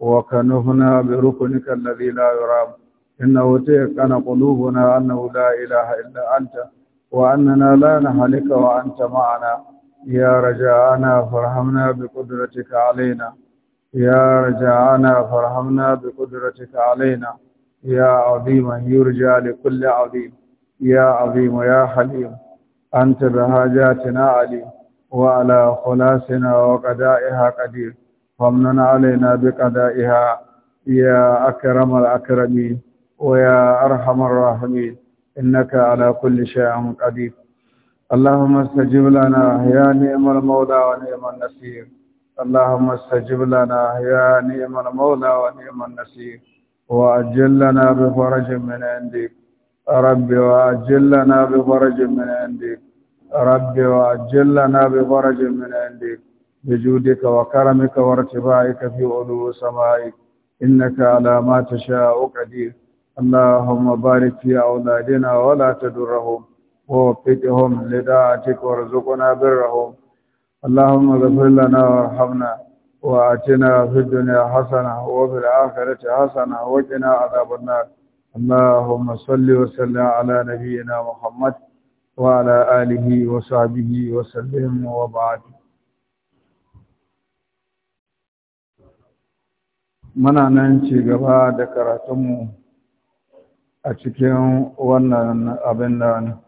وكنهنا بركنك الذي لا يرام إنه تيقن قلوبنا أنه لا إله إلا أنت وأننا لا نهلك وأنت معنا يا رجاءنا فارحمنا بقدرتك علينا يا رجاءنا فارحمنا بقدرتك علينا يا عظيم يرجى لكل عظيم يا عظيم يا حليم أنت بهاجاتنا عليم وعلى خلاصنا وقدائها قدير فمن علينا بقضائها يا أكرم الأكرمين ويا أرحم الراحمين إنك على كل شيء قدير اللهم استجب لنا يا نعم المولى ونعم النصير اللهم استجب لنا يا نعم المولى ونعم النصير وأجل لنا بفرج من عندك ربي وأجل لنا بفرج من عندك ربي وأجل لنا بفرج من عندك بجودك وكرمك وارتبائك في علو سمائك إنك على ما تشاء قدير اللهم بارك في أولادنا ولا تدرهم ووفقهم لداعتك وارزقنا برهم اللهم اغفر لنا وارحمنا وآتنا في الدنيا حسنة وفي الآخرة حسنة وقنا عذاب النار اللهم صل وسلم على نبينا محمد وعلى آله وصحبه وسلم وبعد muna nan ci gaba da karatunmu a cikin wannan abin da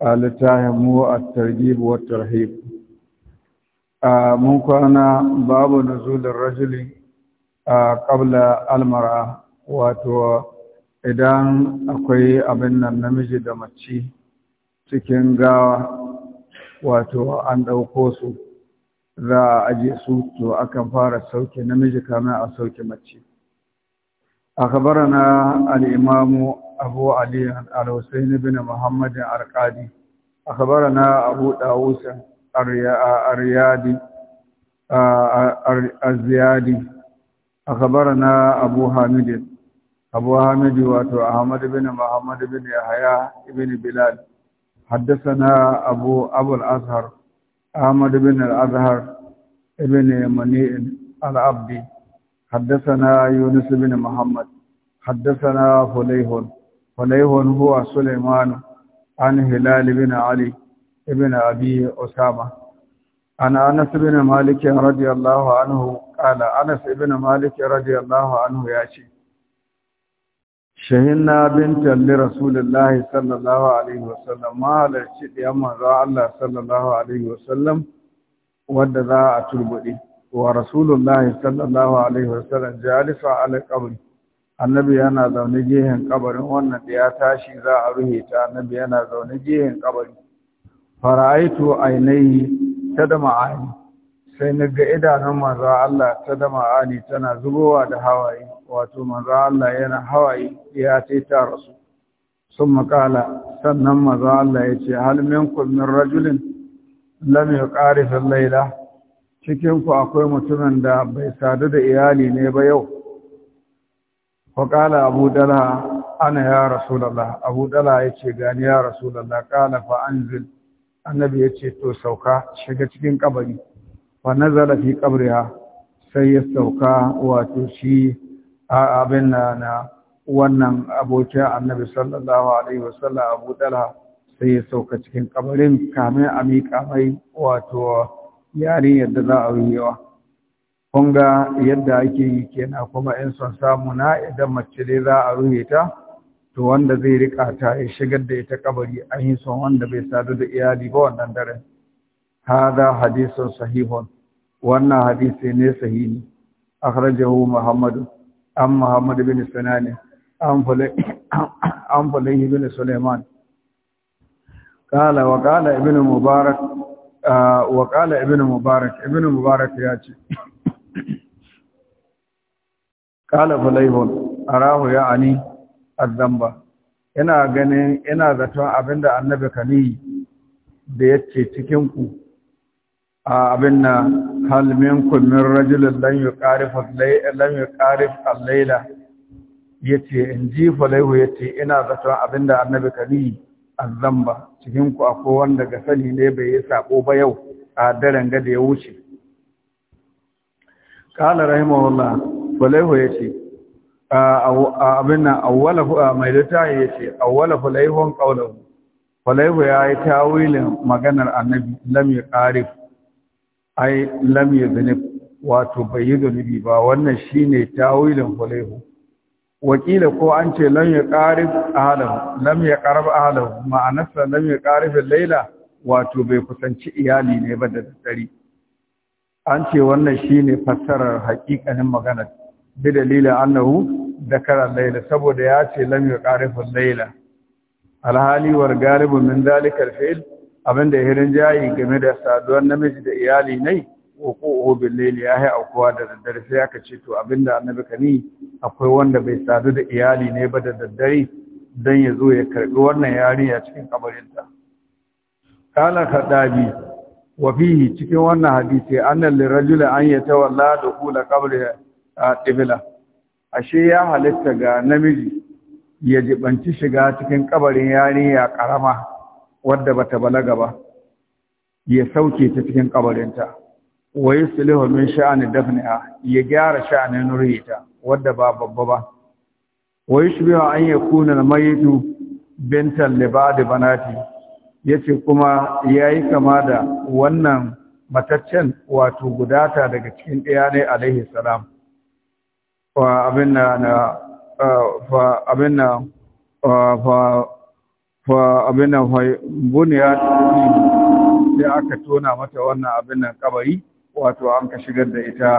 a littafinmu a targhib wa tarhib a mun kwana babu nuzulin rajuli a ƙabla almara wato idan akwai abin nan namiji da mace cikin gawa wato an ɗauko su za a ajiye su to akan fara sauke namiji kamar a sauke mace a kabara na al’imamu abu ali al’usain bin muhammadin arkadi a kabara na abu dawusan arziyadi uh, a kabara na abu hamidin abu hamidin wato ahmad bin Muhammadu bin yahaya ibn bilal haddasa na abu abul azhar أحمد بن الأزهر ابن منيء العبدي حدثنا يونس بن محمد حدثنا فليه فليه هو سليمان عن هلال بن علي ابن أبي أسامة عن أنس بن مالك رضي الله عنه قال أنس بن مالك رضي الله عنه يا شيخ shahinna bintan talli rasulillahi sallallahu alaihi wasallam mahalarci ɗiyan manzo Allah sallallahu alaihi wasallam wadda za a turbuɗe wa rasulullahi sallallahu alaihi wasallam jalisa ala qabri annabi yana zaune gehen kabarin wannan da ya tashi za a ruhe ta annabi yana zaune gehen kabari fara'aitu ainihi ta da ma'ani sai na ga idanun manzo Allah ta da ma'ani tana zubowa da hawaye wato manzo Allah yana hawaye ya ce ta rasu sun makala sannan manzo Allah ya ce hal minkum min rajulin lam yuqarif al-laila cikin ku akwai mutumin da bai sadu da iyali ne ba yau fa abu dala ana ya rasulullah abu dala ya ce gani ya rasulullah qala fa anzil annabi ya ce to sauka shiga cikin kabari fa nazala fi qabriha sai ya sauka wato shi abin na na wannan abokin annabi sallallahu alaihi wasallam abu dala sai ya sauka cikin kabarin kamin a miƙa mai wato yarin yadda za a yi wa. Kunga yadda ake yi kenan kuma in son samu na idan mace dai za a ruhe ta to wanda zai rika ta ya shigar da ita kabari an yi son wanda bai sadu da iyali ba wannan daren hada hadisun sahihun wannan hadisi ne sahihi akhrajahu muhammadu an Muhammadu bin sunani an fulai bin suleiman kala wa kala ibn mubarak wa ibn mubarak ya ce kala a arahu ya ani azamba yana ganin yana zaton abinda annabi kani da yace cikinku. abin na halmin kummin rajulun lan yi ƙarif allaila ya ce in ji falaihu ya ce ina zaton abin da annabi kari azamba cikin ku akwai wanda ga sani ne bai yi saƙo ba yau a daren gada ya wuce ƙala rahimahullah falaihu ya ce abin na awwala mai littafi ya ce awwala falaihun ƙaunar, falaihu ya yi tawilin maganar annabi lamir ƙarif ai lam yadhnib wato bai yi zunubi ba wannan shine tawilin hulaihu wakila ko an ce lam ya qarib alam lam ya qarib ahlahu ma'anarsa lam ya qarib laila wato bai kusanci iyali ne ba da dare an ce wannan shine fassarar haƙiƙanin magana bi dalilin annahu dakara laila saboda ya ce lam ya qarib laila alhali war garibun min zalikal fi'l abin da hirin jayi game da saduwar namiji da iyali ne ko bin laili ya yi aukuwa da daddare sai aka ce to abin da annabi kani akwai wanda bai sadu da iyali ne ba da daddare don ya zo ya karbi wannan yariya cikin kabarinta kala kadabi wa fihi cikin wannan hadisi annal lirajuli an yatawalla dukhula qabri qibla ashe ya halitta ga namiji ya jibanci shiga cikin kabarin yariya karama wadda ba ta balaga ba ya sauke ta cikin kabarinta Wai yuslihu min sha'ani a? ya gyara sha'anin rita wadda ba babba ba wa yushbihu an yakuna al-mayitu bintan libadi banati yace kuma ya yi kama da wannan mataccen wato gudata daga cikin ɗaya ne alaihi salam fa abin na fa fa abin nan buniya sai aka tona mata wannan abin nan kabari wato an ka shigar da ita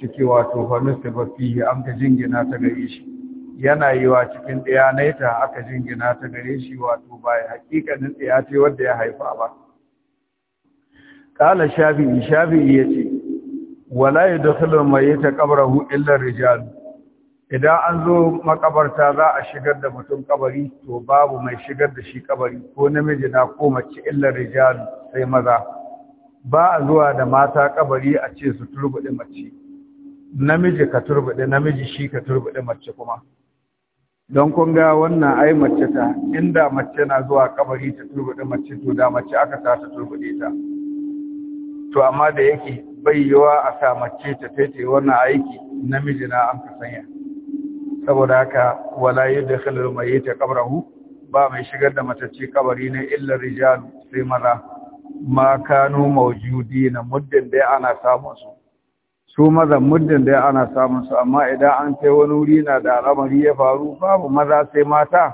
ciki wato fa nusifa bafi an ka jingina ta gare shi yana yi wa cikin ɗaya naita aka jingina ta gare shi wato ba hakikanin ɗaya ce wanda ya haifa ba kala shafi'i shafi'i ya ce wala yadkhulu mayyita qabrahu illa rijal idan an zo makabarta za a shigar da mutum kabari to babu mai shigar da shi kabari ko namiji na ko mace illar rijal sai maza ba a zuwa da mata kabari a ce su turbuɗe mace namiji ka turbuɗe namiji shi ka turbuɗe mace kuma don kun ga wannan ai mace ta inda mace na zuwa kabari ta turbuɗe mace to da mace aka sa ta turbuɗe ta to amma da yake bai yiwa a sa mace ta fete wannan aiki namiji na an ka sanya saboda haka wala yadkhulul mayyita qabrahu ba mai shigar da matacce kabari ne illa rijal sai maza ma kanu na muddin da ana samun su su maza muddin da ana samun su amma idan an kai wani wuri na da al'amari ya faru babu maza sai mata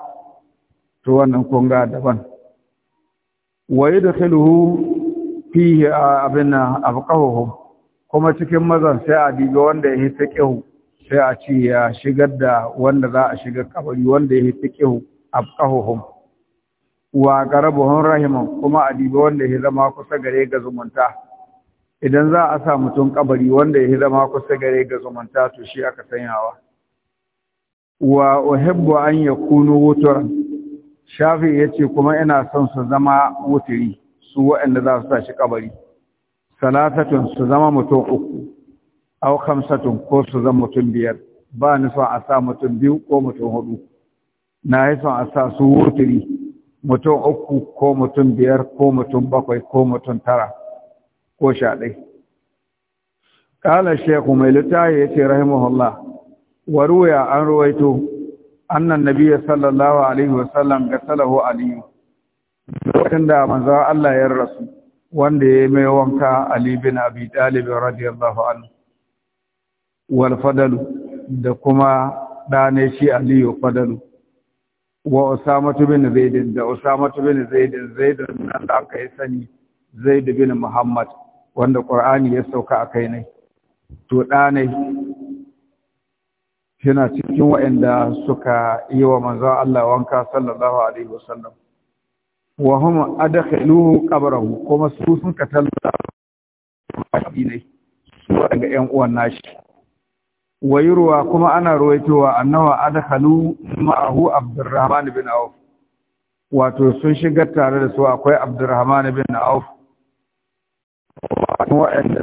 to wannan kun ga daban wa yadkhuluhu fihi abinna abqahuhum kuma cikin mazan sai a diga wanda ya hisa ƙihu sai a ce ya shigar da wanda za a shiga kabari wanda ya fi a afqahuhum wa qarabuhum rahimun kuma a dibi wanda ya zama kusa gare ga zumunta idan za a sa mutum kabari wanda ya zama kusa gare ga zumunta to shi aka sanyawa wa uhibbu an yakunu wutar? shafi yace kuma ina son su zama wuturi su waɗanda za su sa shi kabari salatatun su zama mutum uku aw khamsatun ko su zan mutum biyar ba ni son a sa mutum biyu ko mutum hudu na yi son a sa su wuturi mutum uku ko mutum biyar ko mutum bakwai ko mutum tara ko sha ɗai ƙala shekhu mai littafi ya ce rahimahullah wa ruya an ruwaito annan nabiya sallallahu alaihi wasallam ga salahu aliyu lokacin da manzo Allah ya rasu wanda ya mai wanka Ali bin Abi Talib radiyallahu anhu Walfadalu, da kuma ɗane shi aliyu fadalu wa usamatu bin zaidin da usamatu bin zaidin zaidin nan da aka yi sani zaidu bin muhammad wanda qur'ani ya sauka a kai ne to ɗane yana cikin waɗanda suka yi wa manzo Allah wanka sallallahu alaihi wasallam wa hum adkhiluhu qabrahu kuma su sun katalla ne su daga ƴan uwan nashi wayurwa kuma ana ruwaitowa annawa adkhalu ma'ahu abdurrahman bin auf wato sun shigar tare da su akwai abdurrahman bin auf wa'anda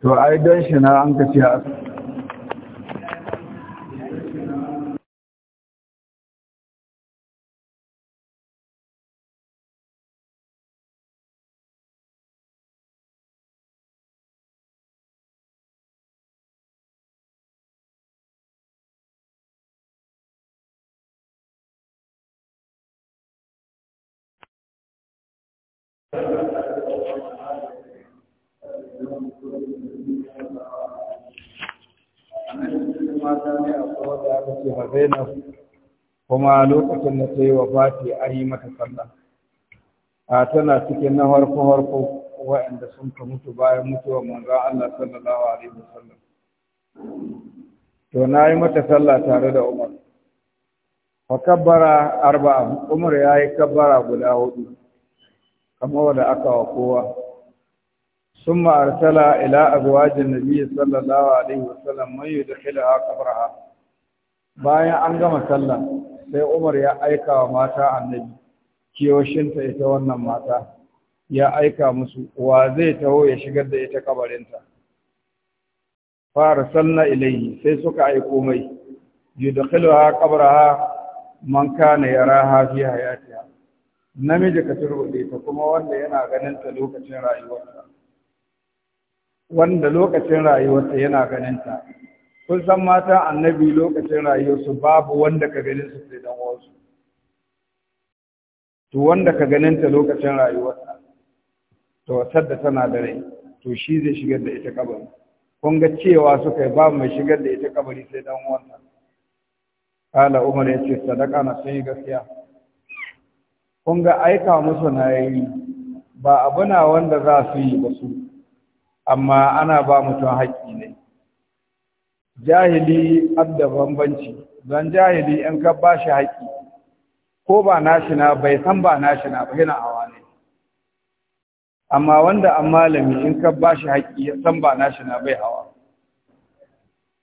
to ai don shi na an kace wanda aka ce ma Zainab kuma lokacin da ta yi wa Fati a yi mata sallah a tana cikin na harko harko waɗanda sun ka mutu bayan mutuwar manzo Allah sallallahu alaihi wasallam to na yi mata sallah tare da Umar fa kabbara arba'a Umar ya yayi kabbara guda hudu kamar wanda aka wa kowa ثم أرسل إلى أزواج النبي صلى الله عليه وسلم da يدخلها قبرها bayan an gama sallah sai umar ya aika wa mata annabi kiyoshinta ita wannan mata ya aika musu wa zai taho ya shigar da ita kabarinta fara sallah ilaihi sai suka aiko mai yudkhiluha qabraha man kana yaraha fi hayatiha namiji ka turbude ta kuma wanda yana ganin ta lokacin rayuwarsa wanda lokacin rayuwarsa yana ganin ta kun san mata annabi lokacin rayuwarsu babu wanda ka ganin su sai dan wasu to wanda ka ganin ta lokacin rayuwarsa, to da tana da rai to shi zai shigar da ita kabari kun ga cewa suka yi babu mai shigar da ita kabari sai dan wanta kala umar ya ce sadaka na sun yi gaskiya kun ga aika musu na yi ba abu na wanda za su yi ba su amma ana ba mutum haƙƙi ne jahili abda bambanci don jahili in ka ba shi haƙi ko ba shi na bai san ba shi na ba yana awa ne amma wanda an malami in ka ba shi haƙi ya san ba shi na bai hawa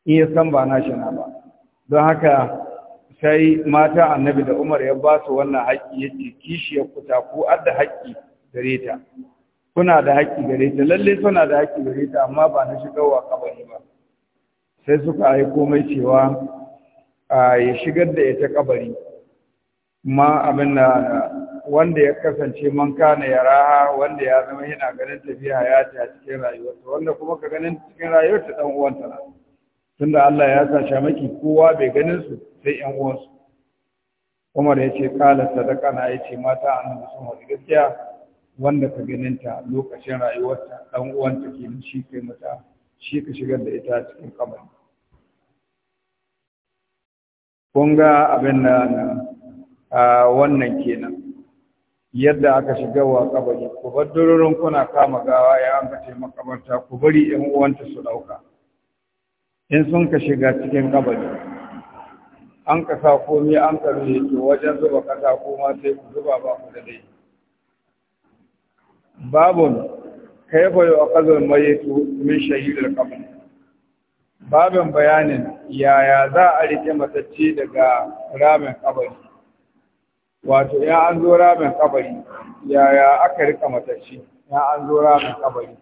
in ya san ba shi na ba don haka sai mata annabi da umar ya ba su wannan haƙƙi ya ce kishi ya kuta ko adda haƙƙi gare ta kuna da haƙƙi gare ta lalle suna da haƙƙi gare ta amma ba na shigarwa kabari ba sai suka aiko komai cewa ya shigar da ita kabari ma abin da wanda ya kasance man kana ya raha wanda ya zama yana ganin tafiya ya a cikin rayuwarsa wanda kuma ka ganin cikin rayuwarsa dan uwanta na tunda Allah ya sa sha maki kowa bai ganin su sai yan uwansu Umar ya ce kala sadaka na ya ce mata da sun haɗu gaskiya wanda ka ganin ta lokacin rayuwarta dan uwanta ke shi kai mata shi ka shigar da ita cikin kabari kun ga abin da a wannan kenan yadda aka shiga wa kabari ku bar dururin kuna kama gawa ya an ka ku bari yan uwanta su ɗauka. in sun ka shiga cikin kabari an ka sa komi an ka rufe to wajen zuba kasa ko ma sai ku zuba ba ku da dai babu kaifa yu'khadhu al-mayyitu min shahid al-qabr babin bayanin yaya za a rike matacce daga ramin kabari wato ya an zo ramin kabari yaya aka rika matacce ya an zo ramin kabari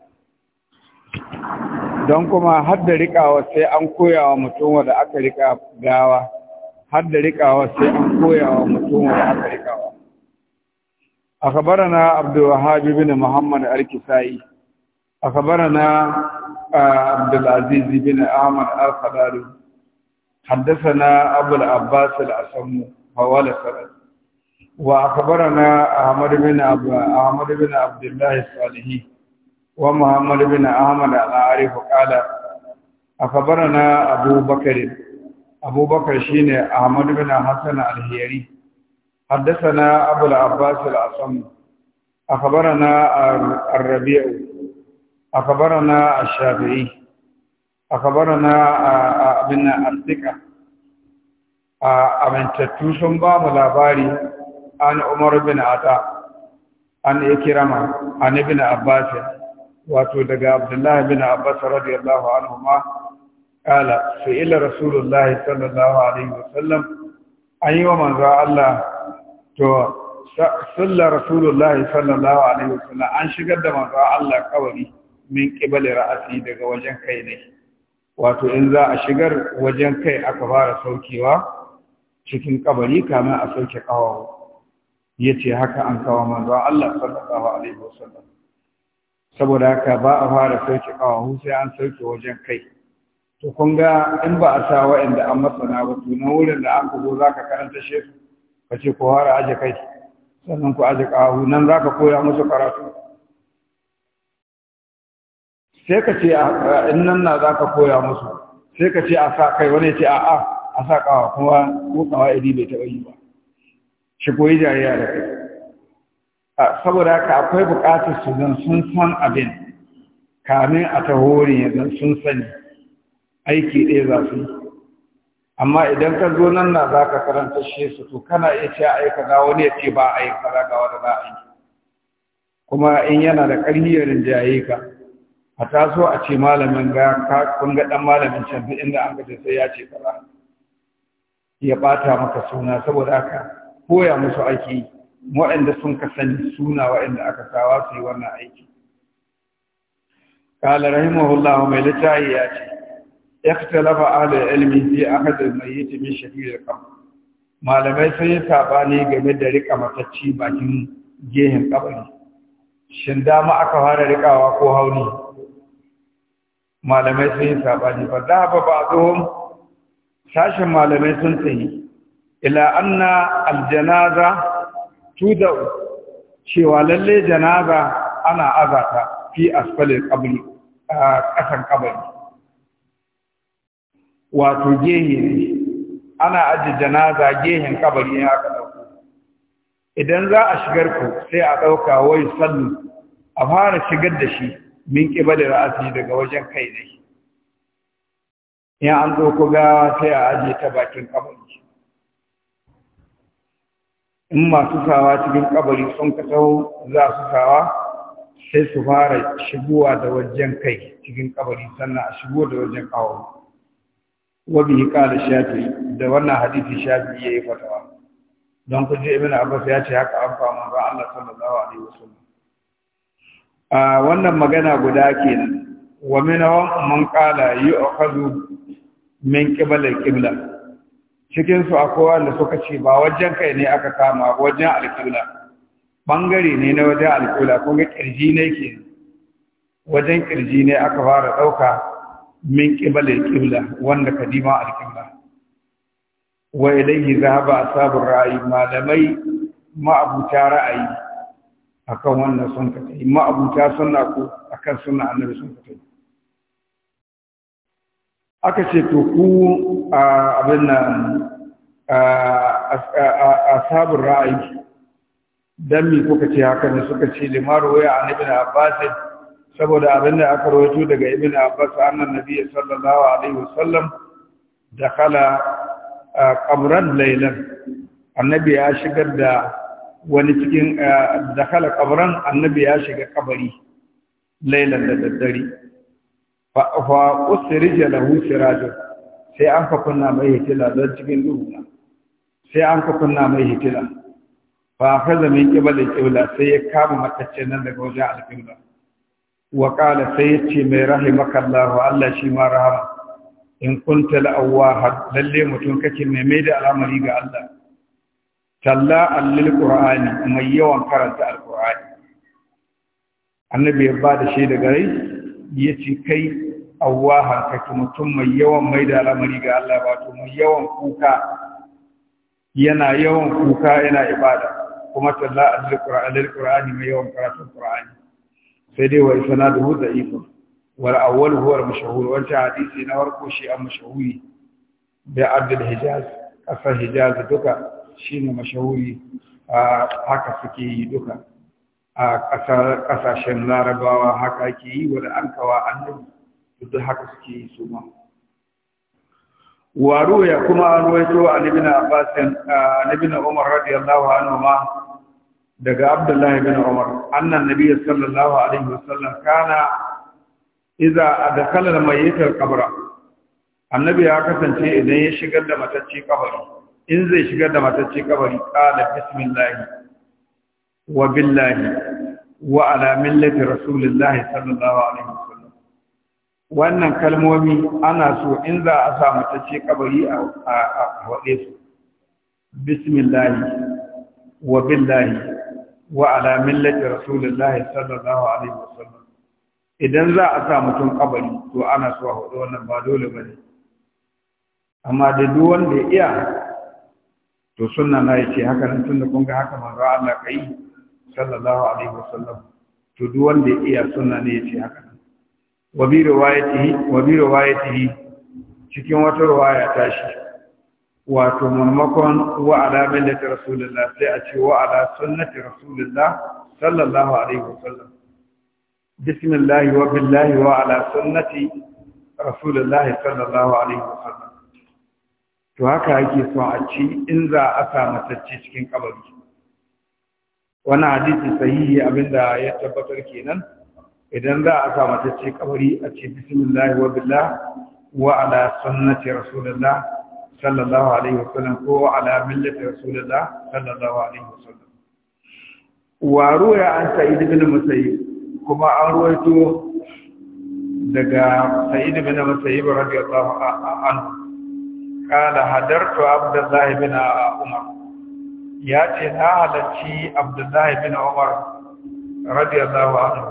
don kuma hadda da rikawa sai an koyawa mutum wanda aka rika gawa hadda da rikawa sai an koyawa mutum wanda aka rikawa أخبرنا عبد الوهاب بن al الكسائي أخبرنا عبد العزيز بن عامر الخلال حدثنا أبو العباس العسم حوالي سند وأخبرنا أحمد بن أحمد بن عبد الله الصالح ومحمد بن أحمد العارف قال أخبرنا أبو بكر أبو بكر شين أحمد بن حسن الهيري حدثنا أبو العباس العسم أخبرنا الربيع أخبرنا الشافعي أخبرنا ابن الثقة أمن تتوسم بام لاباري عن عمر بن عطاء عن إكرمة عن ابن عباس daga abdullahi bin abbas radiyallahu anhuma kala fi'ila rasulullahi sallallahu alaihi wasallam an yi wa manzo Allah to sallar rasulullahi sallallahu alaihi wasallam an shigar da manzo Allah kawari min qibali ra'asi daga wajen kai ne wato in za a shigar wajen kai aka fara saukewa cikin kabari kamar a sauke Ya yace haka an kawo manzo Allah sallallahu alaihi wasallam saboda haka ba a fara sauke kawawo sai an sauke wajen kai to kun ga in ba a sa wa'anda an masana ba to wurin da an kugo zaka karanta shi ka ce ko har aje kai sannan ku aje kawo nan zaka koya musu karatu sai ka ce ah, in nan na za ka koya musu sai ka ce a sa kai wani ce a'a a sa kawa kuma ko kawa idi bai taɓa yi ba shi koyi jariya da kai saboda haka akwai buƙatar su zan sun san abin kamin a ta hori ya zan sun sani aiki ɗaya za su yi amma idan ka zo nan na za ka karanta shi su to kana iya ce a na wani ya ce ba a yi kaza ga wani za a yi kuma in yana da ƙarfi yarin rinjaye ka a taso a ce malamin ga kun ga dan malamin can duk inda an gaje sai ya ce kaza ya bata maka suna saboda haka koya musu aiki waɗanda sun ka sani suna waɗanda aka sawa su yi wannan aiki قال رحمه mai littafi ya ce اختلف ala العلم في احد الميت من شفيع القبر malamai sun yi sabani game da rika matacci bakin gehen kabari shin dama aka fara rikawa ko hauni malamai sun yi sabani fa za ba ba zuhun sashen malamai sun tsaye ila anna aljanaza tuda cewa lalle janaza ana azata fi asfalin kabri a ƙasan kabari wato gehe ne ana aji janaza gehen kabari ya ka ɗauko idan za a shigar ku sai a ɗauka wai sallu a fara shigar da shi min ƙiba da ra'asi daga wajen kai ne in an zo ku ga sai a aje ta bakin kabari in masu sawa cikin kabari sun kasau za su sawa sai su fara shigowa da wajen kai cikin kabari sannan a shigo da wajen kawo wabi yi ƙara shafi da wannan hadisi shafi ya yi fatawa don ku je ibn abbas ya ce haka an fama ba Allah sallallahu alaihi wasallam wannan magana guda kenan wa minhum man qala yu'khadhu min qibla al-qibla cikin su akwai suka ce ba wajen kai ne aka kama wajen al-qibla bangare ne na wajen al-qibla kun ga kirji ne ke wajen kirji ne aka fara dauka min qibla al-qibla wanda kadima al-qibla wa ilayhi zahaba sabon ra'i malamai ma'abuta ra'ayi akan wannan son ka tai ma'abuta sunna ko akan sunna annabi sun ka yi. aka ce to ku abin nan sabon ra'ayi dan mi kuka ce haka ne suka ce limaru waya an na abbas saboda abin da aka rawaito daga ibn abbas annan nabi sallallahu alaihi wasallam kala qabran laylan annabi ya shigar da wani cikin eh, dakhala kabran annabi ya shiga kabari lailan da daddare fa fa usrija lahu sirajun sai an ka kunna mai hitila don cikin duhu sai an ka kunna mai hitila fa akhadha min qibali qibla sai ya kama matacce nan daga wajen alqibla wa qala sai ya ce mai rahimaka Allah Allah shi ma rahama in kunta la'awwa lalle mutum kake mai mai da al'amari ga Allah talla allil qur'ani mai yawan karanta alqur'ani annabi ya ba da shaida gare ya ce kai awwahan kake mutum mai yawan mai da lamari ga Allah wato mai yawan kuka yana yawan kuka yana ibada kuma talla allil qur'ani mai yawan karatun qur'ani sai dai wa isnaduhu da'if wal awwal huwa al mashhur wancan hadisi na farko shi an mashhuri bi al hijaz kasar hijaz duka shine mashahuri haka suke yi duka a ƙasashen larabawa haka ake yi wa da an kawa annabi duk haka suke yi su ma waro ya kuma ruwaito a nabina abbasin a nabina umar radiyallahu anhu ma daga abdullahi bin umar annan nabi sallallahu alaihi wasallam kana idza adkhala dakalar mayyit al-qabra annabi ya kasance idan ya shigar da matacce kabari in zai shigar da matacce kabari qala bismillah wa billahi wa ala millati rasulillahi sallallahu alaihi wasallam wannan kalmomi ana so in za a sa matacce kabari a wade su bismillah wa billahi wa ala millati rasulillahi sallallahu alaihi wasallam idan za a sa mutum kabari to ana so a hudu wannan ba dole bane amma da duk wanda ya iya to sunna na yace haka nan tunda kun ga haka manzo Allah kai sallallahu alaihi wasallam to duk wanda ya iya sunna ne yace haka nan wa bi riwayatihi wa bi riwayatihi cikin wata riwaya ta shi wato mamakon wa ala ta rasulillah sai a ce wa ala sunnati rasulillah sallallahu alaihi wasallam bismillah wa billahi wa ala sunnati rasulillah sallallahu alaihi wasallam to haka yake so a ci in za a sa matacce cikin kabari wani hadisi sahihi abinda ya tabbatar kenan idan za a sa matacce kabari a ce bismillah wa billah wa ala sunnati rasulullah sallallahu alaihi wasallam ko ala millati rasulullah sallallahu alaihi wasallam wa ruya an sa'id ibn musayyib kuma an ruwaito daga sa'id ibn musayyib radiyallahu anhu kala hadartu abdullahi bin umar ya ce na halarci abdullahi bin umar a anhu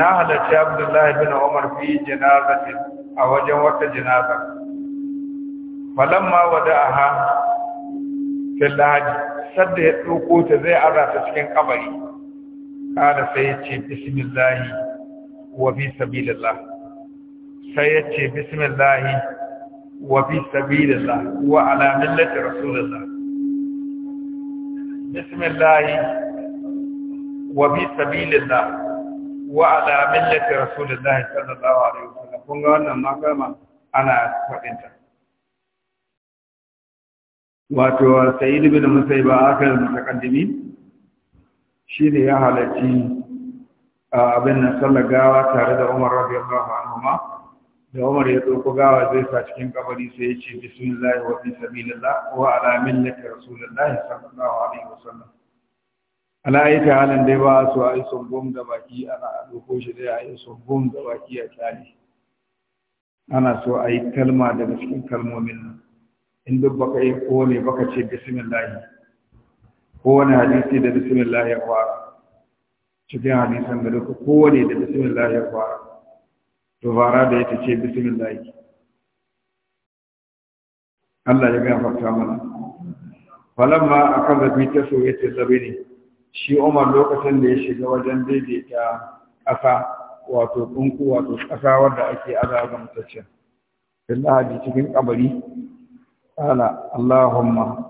na halarci abdullahi bin umar fi janazatin a wajen wata janaza falamma wada'aha fil lahadi sadda ya ɗauko ta zai arata cikin kabari kada sai ya ce bismillahi wa fi sabilillah sai وفي سبيل الله وعلى ملة رسول الله بسم الله وفي سبيل الله وعلى ملة رسول الله صلى الله عليه وسلم قلنا ما كما أنا فقنت واتو سيد بن مسيبة آخر المتقدمين شيري أهل الدين صلى الله عليه وسلم عمر رضي الله عنهما da Umar ya ɗauko gawa zai sa cikin kabari sai ya ce bismillahi wa fi sabilillah wa ala millati rasulillahi sallallahu alaihi wasallam ala ayyuka halin dai ba su ayi sumbum da baki ana a doko shi dai ayi sumbum da baki a kyale ana so a yi kalma daga cikin kalmomin nan in duk baka yi kowane baka ce bismillahi kowane hadisi da lahi ya fara cikin hadisan da duka kowane da lahi ya fara to da da ita ce bismillah Allah ya farta mana a kan ta akaza bi tasawiyati ne? shi Umar lokacin da ya shiga wajen daidaita ƙasa wato kunku wato ƙasa wanda ake azaba mutaccen Allah da cikin kabari ala Allahumma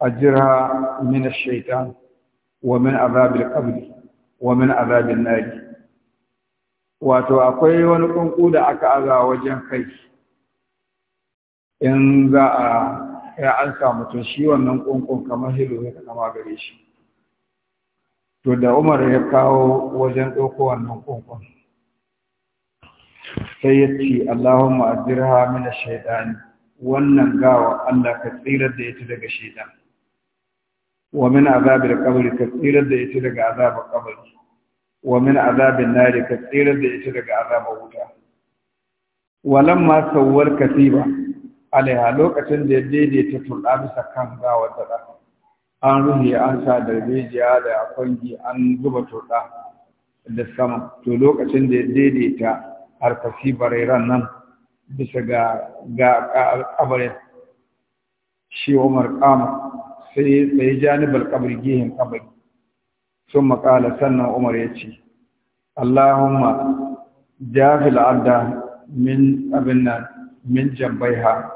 ajirha min ash-shaytan wa min azab al wa min wato akwai wani kunku da aka aza wajen kai in za a ya an samu to shi wannan kunkun kamar hilo ne kama gare shi to da umar ya kawo wajen ɗauko wannan kunkun sai ya ce Allahumma ajirha mina shaidani wannan gawa Allah ka tsirar da ita daga shaidan wa min azabil qabri ka tsirar da ita daga azabil qabri wa min azabin nari ka tsirar da ita daga azabar wuta ma sauwar katiba alaiha lokacin da ya daidaita turɗa bisa kan gawar da an ruhi an sa da rijiya da kwangi an zuba turɗa da sama to lokacin da ya daidaita harkasi barairan nan bisa ga ga kabarin shi umar kama sai sai janibar kabari gehen kabari sun maƙala sannan umar ya ce allahumma jafil adda min abin nan min ha,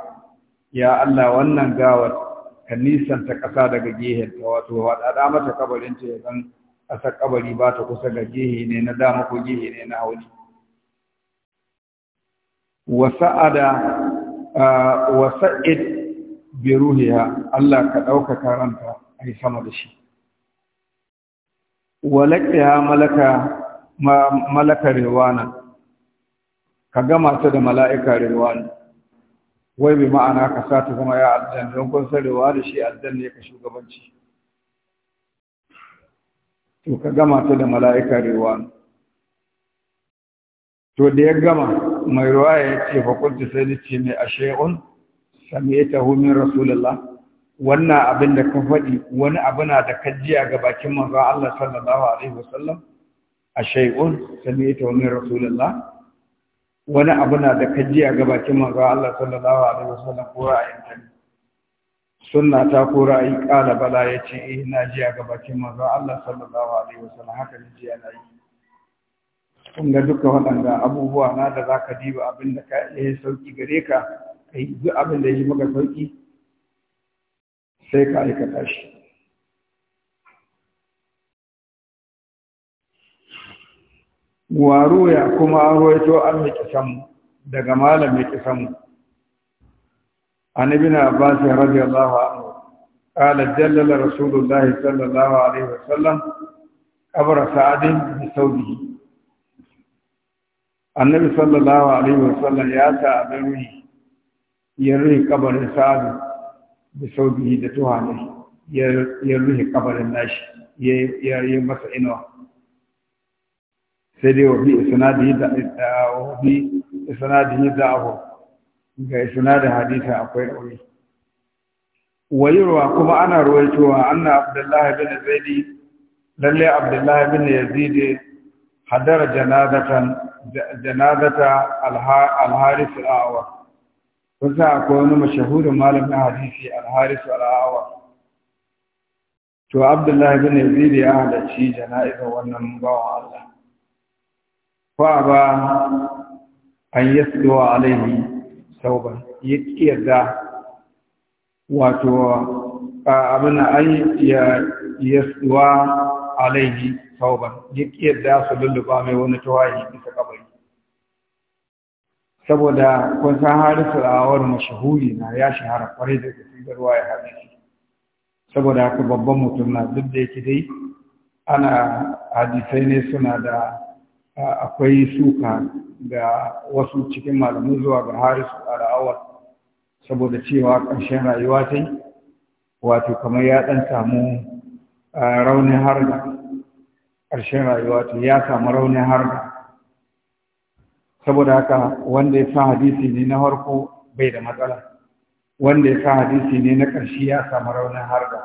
ya allah wannan gawar ka ta ƙasa daga ta wato waɗaɗa mata kabarin ta zan ƙasar kabari ba ta kusa ga gehe ne na dama ko gehe ne na hauli wasa'ada wasa'id bi ruhiha Allah ka ɗaukaka ranta ai sama da shi walaƙiya malaka ma malaka rewana ka gama ta da mala'ika rewana wai bi ma'ana ka sata zama ya aljanna don kun san rewana shi aljanna ya ka shugabanci to ka gama ta da mala'ika rewana to da ya gama mai ruwa ya ce fakulta sai ni ce mai ashe'un sami ya taho min rasulullah wannan abin da ka faɗi wani abu na da kajiya ga bakin manzon Allah sallallahu alaihi wasallam a shay'un sami'ta wa min rasulillah wani abu na da kajiya ga bakin manzon Allah sallallahu alaihi wasallam ko ra'ayin ta sunna ta ko ra'ayi kala bala yace eh na jiya ga bakin manzon Allah sallallahu alaihi wasallam haka ne jiya na yi kun ga duka waɗanda abubuwa na da zaka diba abin da ka yi sauki gare ka kai duk abin da ya yi maka sauki sai ka aikata shi ya kuma an roito an miki samu daga malam miki samu an ibn abbas radiyallahu anhu qala jallala rasulullah sallallahu alaihi wasallam qabra sa'adin da sawbihi annabi sallallahu alaihi wasallam ya ta abin ruhi ya ruhi kabarin sa'adin da saubihi da ne ya rufe kabarin nashi ya yi masa inuwa sai dai wafi isanadihi da abu ga isanadin hadisa akwai rauni wayarwa kuma ana ruwaitowa anna abdullahi bin zaidi lalle abdullahi bin Yazidi, hadar janazatan janazata alharis al'awar kusa akwai wani mashahurin malamin hadisi alharisu al'awa to abdullahi bin yazid ya halarci jana'iza wannan bawan Allah fa ba an yasdu alaihi sauban ya kiyarda wato abin an ya yasdu alaihi su lulluba saboda kun san harisul awar mashahuri na ya shahara kwarai da gaskiya ya hadisi saboda haka babban mutum na duk da yake dai ana hadisai ne suna da akwai suka ga wasu cikin malamu zuwa ga harisul awar saboda cewa ƙarshen rayuwa ta wato kamar ya ɗan samu raunin harga ƙarshen rayuwa ta ya samu raunin harga saboda haka wanda ya sa hadisi ne na harko bai da matsala wanda ya sa hadisi ne na ƙarshe ya samu raunin harga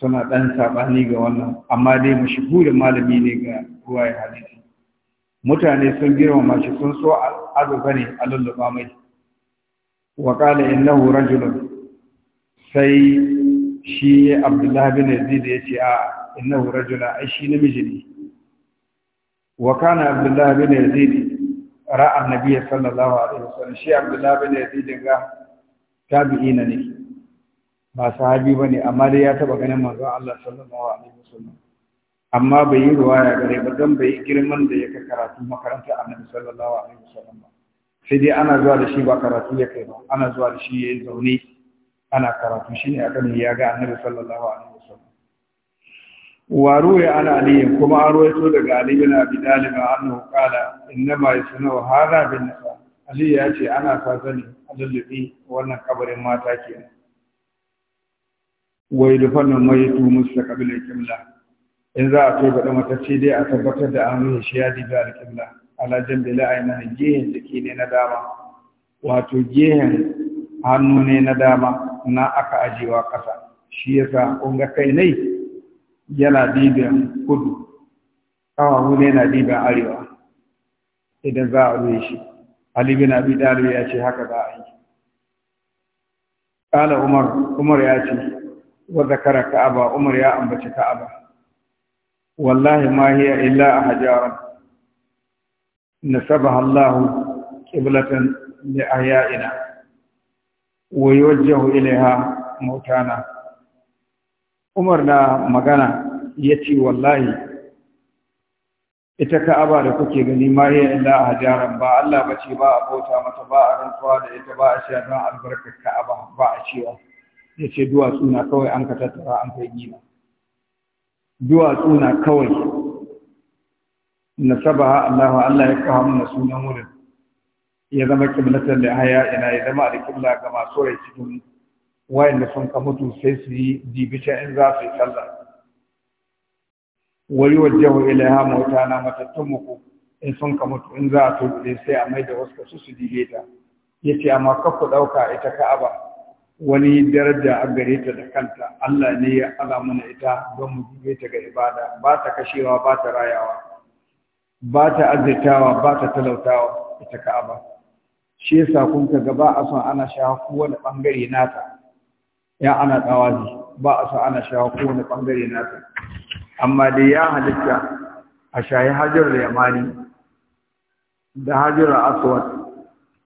suna ɗan saɓani ga wannan amma dai mashihurin malami ne ga ruwa ya hadisi mutane sun girmama shi sun so azuba ne a lulluɓa mai wa ƙala innahu rajulun sai shi abdullahi bin yazid ya ce a innahu rajulun ai shi namiji ne wa kana abdullahi bin yazid ra'a annabi sallallahu alaihi wasallam shi abdullah bin yazid ga tabi'ina ne ba sahabi bane amma dai ya taba ganin manzon Allah sallallahu alaihi wasallam amma bai yi ruwaya gare ba don bai yi girman da ya kai karatu makaranta annabi sallallahu alaihi wasallam sai dai ana zuwa da shi ba karatu ya kai ba ana zuwa da shi yayin zaune ana karatu shine akan ya ga annabi sallallahu alaihi waru ya ana aliyu kuma an ruwaito daga aliyu na abi daliba annahu kala innama yasnau hadha bin nisa aliyu ya ce ana fata ne a wannan kabarin mata kenan wa yudfannu mayitu mustaqbil al-qibla in za a toba da matacce dai a tabbatar da an ruhe shi ya diga al-qibla ala jambi la'ayna gehen jiki ne na dama wato gehen hannu ne na dama na aka ajiyewa kasa shi yasa kun ga kai nai yana dibiyan kudu kawahu ne yana dibiyan arewa idan za a ruwe shi ali abi ya ce haka za a yi kala umar umar ya ce Wadda zakara ka'aba umar ya ambaci ka'aba wallahi ma hiya illa a hajaran nasabaha allah qiblatan li ahya'ina wa yuwajjahu ilaiha mautana umar na magana ya ce wallahi ita ka'aba da kuke gani ma ya a hajaran ba Allah ba ce ba a bauta mata ba a rantsuwa da ita ba a sha don albarkar ka'aba ba a cewa ya ce duwatsu na kawai an ka tattara an kai gina duwatsu na kawai nasabaha Allah Allah ya kawo mana sunan wurin ya zama kiblatar da haya ina ya zama alƙibla ga masu rai cikin wayanda sun ka mutu sai su yi dibita in za su yi sallah wari wajen ilaiha mawuta na matattun muku in sun ka mutu in za a tobe sai a mai da wasu kasu su dige ta ya ce amma kafa ɗauka ita ka'aba wani daraja a gare ta da kanta Allah ne ya ala mana ita don mu dige ta ga ibada ba ta kashewa ba ta rayawa ba ta azaitawa ba ta talautawa ita ka'aba shi yasa kun ka gaba a son ana sha kowane ɓangare nata ya ana tsawazi ba a sa ana wani kowane ɓangare ta amma dai ya halitta a shayi hajjar da yamani da hajjar aswad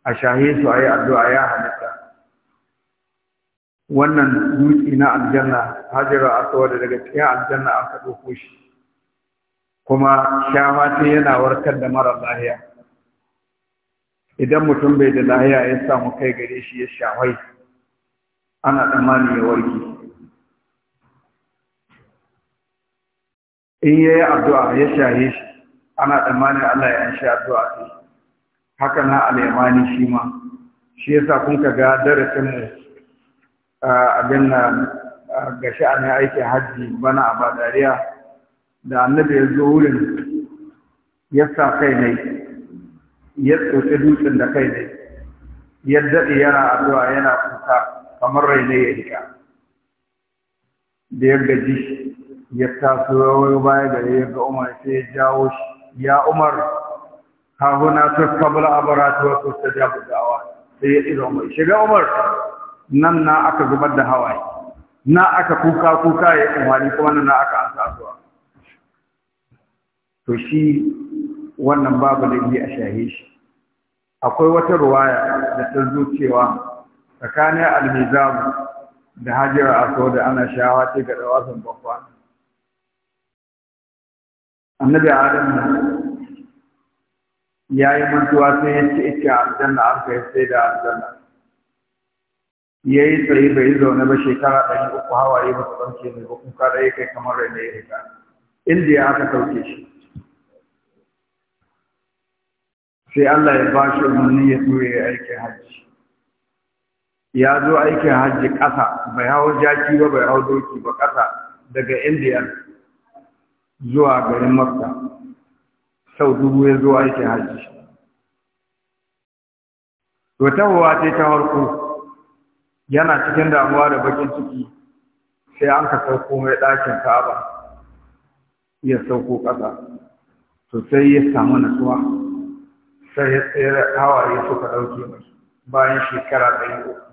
a shahi su a yi addu'a ya halitta wannan dutse na aljanna hajjar aswad daga cikin aljanna an kaɗo ko shi kuma shawa ta yana warkar da mara lahiya idan mutum bai da lahiya ya samu kai gare shi ya shawai ana tsammani ya warke in ya yi addu'a ya shaye shi ana tsammani Allah ya shi addu'a ce haka na alemani shi ma shi yasa kun ka ga darasinmu abin na ga sha'anin aikin hajji bana a badariya da annabi ya zo wurin ya sa kai ne ya tsotsi dutsen da kai ne ya daɗe yana addu'a yana kuka kamar ne ya hita da ya gaji ya taso ya baya da ya ga umar sai ya jawo shi ya umar kahuna ta kabla abaratu wa ta jabu dawa sai ya tsira umar shiga umar nan na aka zubar da hawaye na aka kuka kuka ya umari kuma nan na aka an tasowa to shi wannan babu da a shahe shi akwai wata ruwaya da ta zo cewa tsakanin alhizam da hajjira a da ana shawa ce ga ɗawasan babban annabi adam ya yi mantuwa sai ya ci ita aljanna an kai sai da aljanna ya yi tsaye bai yi zaune ba shekara ɗari uku hawaye ba su ɗauke ne ba kuka ɗaya kai kamar rai da ya rika inda ya aka sauke shi sai Allah ya ba shi umarni ya tura ya aikin hajji ya zo aikin hajji ƙasa bai hau jaki ba bai hau doki ba ƙasa daga indiya zuwa garin makka sau dubu ya zo aikin hajji to tahowa ce ta harko yana cikin damuwa da bakin ciki sai an ka sauko mai ɗakin ka'aba ya sauko ƙasa to sai ya samu nasuwa sai ya tsere hawaye suka ɗauke mai bayan shekara ɗari uku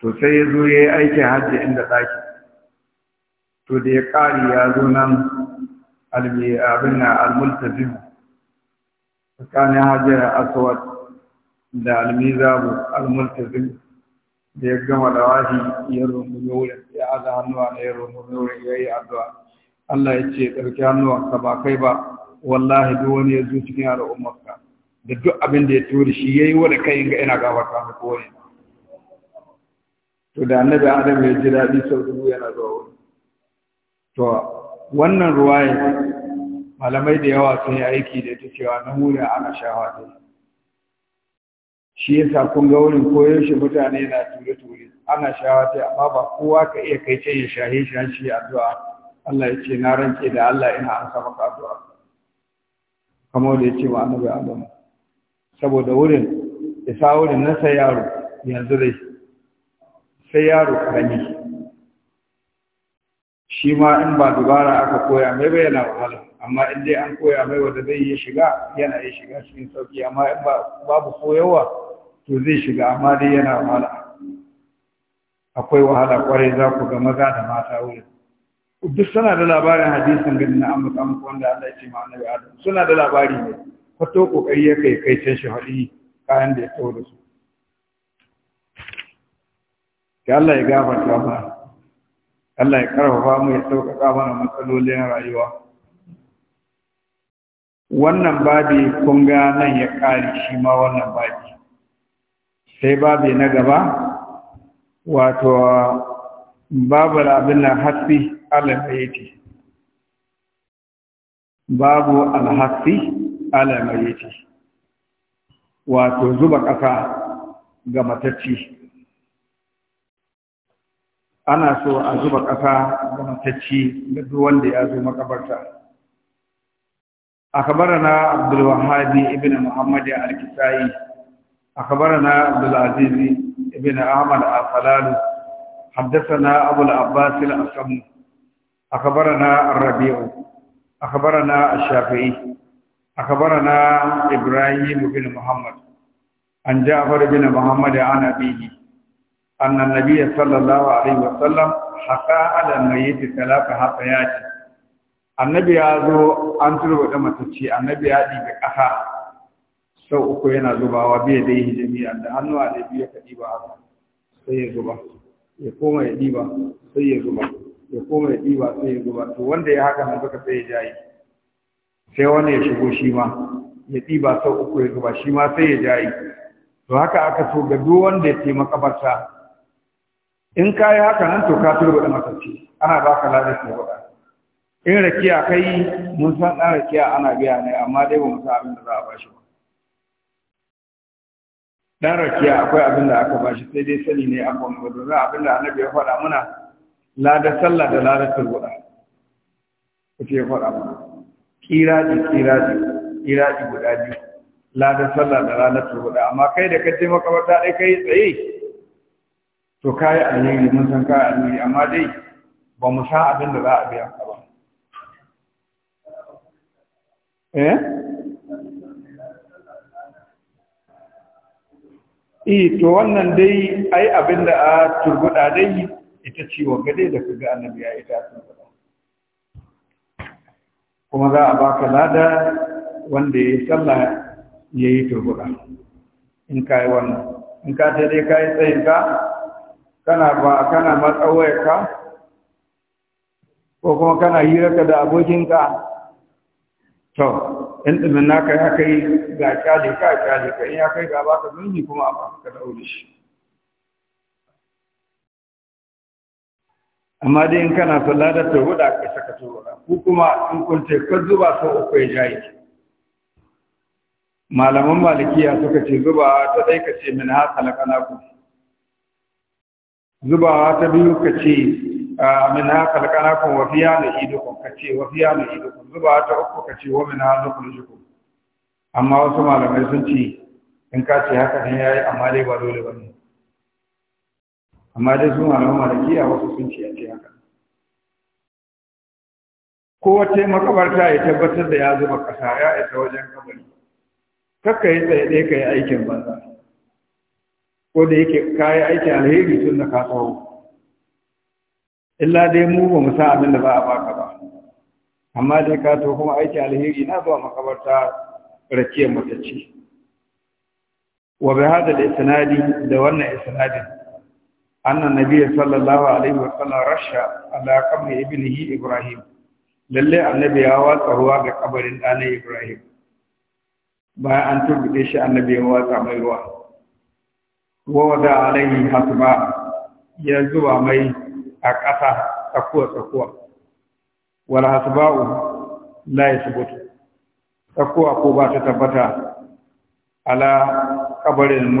to sai ya zo ya yi aikin hajji inda tsaki to da ya ƙari ya zo nan abin na almultazim tsakanin hajjar aswad da almizabu almultazim da ya gama da wahi ya rungumi wurin ya aza hannuwa na ya rungumi wurin ya yi addu'a Allah ya ce ɗauki hannuwa, ba kai ba wallahi duk wani ya zo cikin al'ummarka da duk abin da ya tori shi ya yi wani kai ga ina gabata muku wani to da annabi adam ya ji daɗi sau dubu yana zuwa wuri to wannan ruwaya malamai da yawa sun yi aiki da ita cewa na hura ana shawa ta shi yasa kun ga wurin koyaushe mutane na ture-ture ana shawa ta amma ba kowa ka iya kai can ya shahe shi an shi addu'a Allah ya ce na rance da Allah ina an sa maka addu'a kamar da ya ce wa annabi Adam saboda wurin isa wurin na sai yaro yanzu dai sai yaro karami shi ma in ba dubara aka koya mai bai yana wahala amma in dai an koya mai wanda zai iya shiga yana iya shiga cikin sauki amma in ba babu koyarwa to zai shiga amma dai yana wahala akwai wahala kwarai za ku ga maza da mata wurin duk suna da labarin hadisin gani na amurka amurka wanda Allah ya ce ma annabi Adam suna da labari ne kwato kokari ya kai kai can shahari kayan da ya tawo su ya Allah ya gafarta mana Allah ya karfafa mu ya sauƙaƙa mana matsalolin rayuwa wannan babi kun ga nan ya ƙare shi ma wannan babi sai babi na gaba wato babu abin nan hasbi alamaiti babu alhassi alamaiti wato zuba ƙasa ga matacci ana so a zuba ƙasa gamatacci da duk wanda ya zo makabarta a kabara na abdulwahabi ibn muhammad al alkisayi a kabara na abdulaziz ibn ahmad al-falalu haddathana abu al-abbas al-asam a kabara na rabi'u a kabara na shafi'i a kabara na ibrahim ibn muhammad an ja'far ibn muhammad ya anabihi sallallahu alaihi wa sallam haka وسلم حقا على الميت ثلاث حقيات annabi ya zo an turbaɗa matacce annabi ya ɗiga ƙasa sau uku yana zubawa bai da yi jami'a da hannu a da biyu ka ɗiba haka sai ya zuba ya koma ya ɗiba sai ya zuba ya koma ya ɗiba sai ya zuba to wanda ya haka nan duka sai ya jayi sai wani ya shigo shi ma ya ɗiba sau uku ya zuba shi ma sai ya jayi to haka aka so ga duk wanda ya taimaka barta in ka yi haka nan to ka da masarci ana ba ka ladar guda. in rakiya ka yi mun san ɗan rakiya ana biya ne amma dai ba mu san abin da za a ba shi ba ɗan rakiya akwai abin da aka ba shi sai dai sani ne aka wani wadda abin da annabi ya faɗa muna ladar sallah da ladar turbuɗa kuke ya faɗa muna kiraji kiraji kiraji guda biyu ladar sallah da ladar turbuɗa amma kai da ka je makabarta ɗai kai tsaye to kayi alheri mun san kayi alheri amma dai ba mu san abin da za a biya ka ba eh, eh to wannan dai ai abin da a turguda dai ita wa gade da kaga annabi ya ita ba kuma za a baka lada wanda ya salla sallah ya yi turguda in kai wannan in ka ta dai kayi tsayin ka kana ba kana matsawayarka ko kuma kana hirarka da abokinka to in ɗumin naka ya kai ga kyale ka kyale ka in ya kai ga baka zunni kuma a baka ka daure shi amma dai in kana sallah da ta huda ka saka ta huda ku kuma in kun ce ka zuba sau uku ya jayi malaman malikiya suka ce zuba ta dai ka ce min ha salaka na ku zubawa ta biyu ka ce min ha kun wafiya na idukun ka ce wafiya na idukun zubawa ta uku ka ce wamin ha zukun jikun amma wasu malamai sun ce in ka ce haka ne ya yi amma dai ba dole ba ne amma dai su malamai a wasu sun ce ya ce haka kowace makabarta ya tabbatar da ya zuba ƙasa ya isa wajen kabari kakka yi tsaye ɗaya ka yi aikin banza ko da yake kayi aiki alheri tun da ka tsawo illa dai mu ba mu sa abin da ba a baka ba amma dai ka to kuma aiki alheri na zuwa makabarta rakiyar matacci wa bi hada da isnadi da wannan isnadin annan nabiyyi sallallahu alaihi wa sallam rasha ala qabri ibnihi ibrahim lalle annabi ya watsa ruwa ga kabarin ɗana ibrahim bayan an turbude shi annabi ya watsa mai ruwa wada alaihi hasba ya zuba mai a ƙasa tsakuwa tsakuwa wal hasba'u la yasbutu tsakuwa ko ba ta tabbata ala kabarin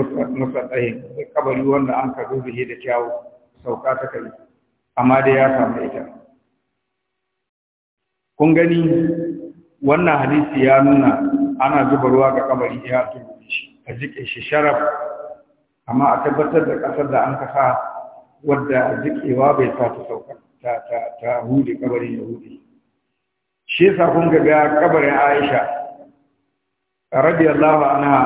da kabari wanda an ka zuwa da kyawu sauka ta kai amma dai ya samu ita kun gani wannan hadisi ya nuna ana zuba ruwa ga kabari ya tubu shi a jikin shi sharaf amma a tabbatar da ƙasar da an kasa wadda jikewa bai sa ta sauka ta ta ta hude kabarin yahudi shi yasa kun ga ga kabarin aisha radiyallahu anha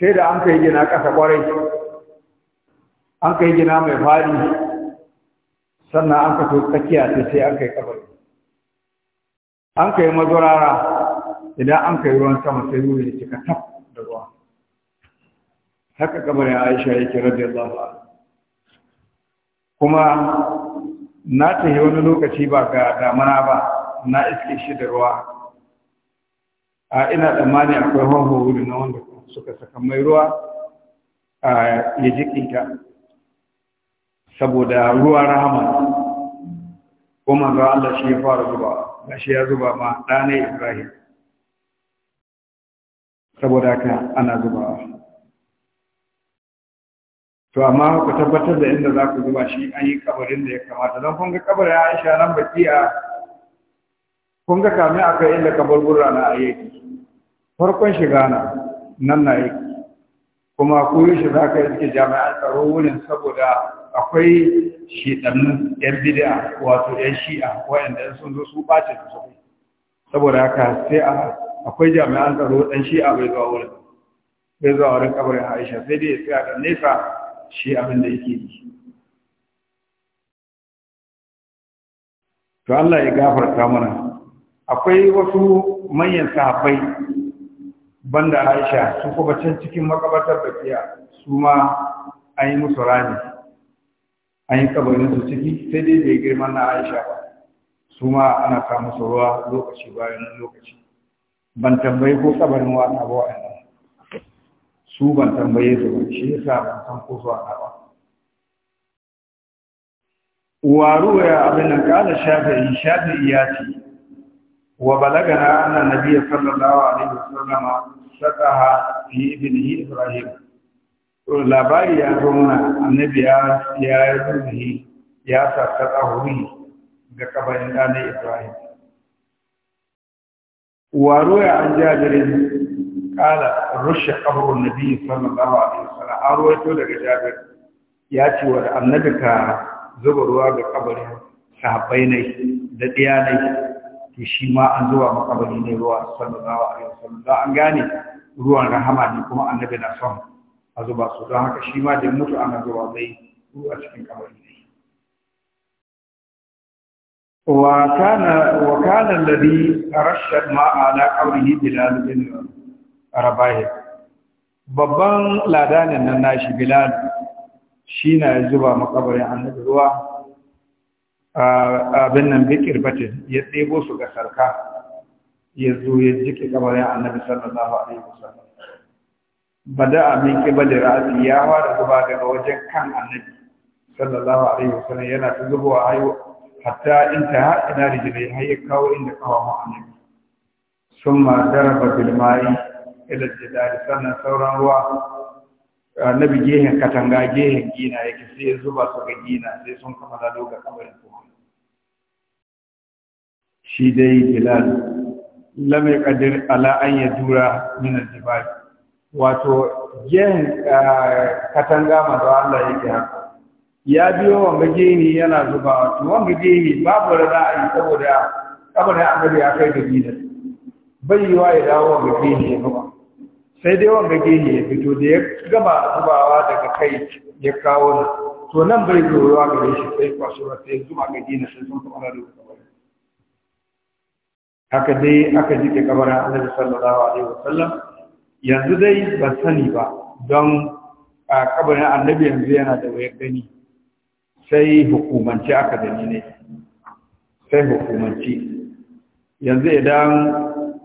sai da an kai gina ƙasa kwarai an kai gina mai fadi sannan an ka tsakiya sai sai an kai kabari an kai mazurara idan an kai ruwan sama sai ruwa ya cika taf da ruwa haka kamar ya aisha yake radiyallahu anha kuma na tafi wani lokaci ba ga damana ba na iske shi da ruwa a ina tsammani akwai hanho wuri na wanda suka saka mai ruwa a ya jikinta saboda ruwa rahama kuma ga Allah shi ya fara zuba ga shi ya zuba ma ɗane Ibrahim saboda haka ana zubawa to amma ku tabbatar da inda za ku zuba shi an yi kabarin da ya kamata don kun ga kabarin aisha nan bakiya kun ga kame a kai inda gurra na a yake farkon shiga na nan na yake kuma ku yi shi za ka suke jami'an tsaro wurin saboda akwai shiɗannin yan bid'a wato yan shi'a waɗanda sun zo su ɓace su saboda haka sai a akwai jami'an tsaro ɗan shi'a bai zuwa wurin bai zuwa wurin kabarin aisha sai dai ya tsaya da nesa shi abin da yake yi to Allah ya gafarta mana akwai wasu manyan sahabbai banda Aisha su kuma can cikin makabatar da kiya su ma an yi musu rani an yi kabarin su ciki sai dai bai girman na Aisha ba su ma ana samun musu ruwa lokaci bayan lokaci ban tambayi ko kabarin wa na ba su ban tambaye su shi yasa ban san ko su ana ba waru ya abin nan kala shafi'i shafi'i ya ce wa balagana anna nabiyya sallallahu alaihi wasallama sadaha fi ibn ibrahim to labari ya zo mana annabi ya ya ruhi ya sa huri ga kabarin dane ibrahim waru ya an jabirin kala rushe kabrun nabi sallallahu alaihi wasallam an ruwaito daga jabir ya ce wa annabi ka zuba ruwa ga kabarin sahabbai ne da ɗaya ne to shi ma an zuba makabari ne ruwa sallallahu alaihi wasallam don an gane ruwan rahama ne kuma annabi na son a zuba su don haka shi ma da mutu ana zuba zai ruwa cikin kabari ne وكان وكان الذي رش الماء على قوله بلال بن rabahir babban ladanin nan nashi bilal shi na zuba makabarin annabi ruwa abin nan bikir batin ya tsebo su ga sarka ya zo ya jike kabarin annabi sallallahu alaihi wasallam bada a min kibali ra'asi ya fara zuba daga wajen kan annabi sallallahu alaihi wasallam yana ta zubowa hayo hatta intaha ina rijilai har ya kawo inda kawo annabi summa daraba bil ma'i ila jidari sannan sauran ruwa na gehen katanga gehen gina yake sai ya zuba su ga gina sai sun kama da ga kamarin kuma shi dai bilal lam kadir ala an dura min al-jibal wato gehen katanga da Allah yake haka ya biyo wanga gini yana zuba Wato wanga gini babu ra'ayi saboda saboda kamar ya kai da gina bai yi wa ya dawo wanga gini ya sai dai wanga gehe ya fito da ya gama zubawa daga kai ya kawo na to nan bai zuwa gare shi sai kwashewa sai zuma ga gina sai sun kuma da kabari haka dai aka jike kabarin annabi sallallahu alaihi wasallam yanzu dai ba sani ba don a kabarin annabi yanzu yana da wayar gani sai hukumanci aka gani ne sai hukumanci yanzu idan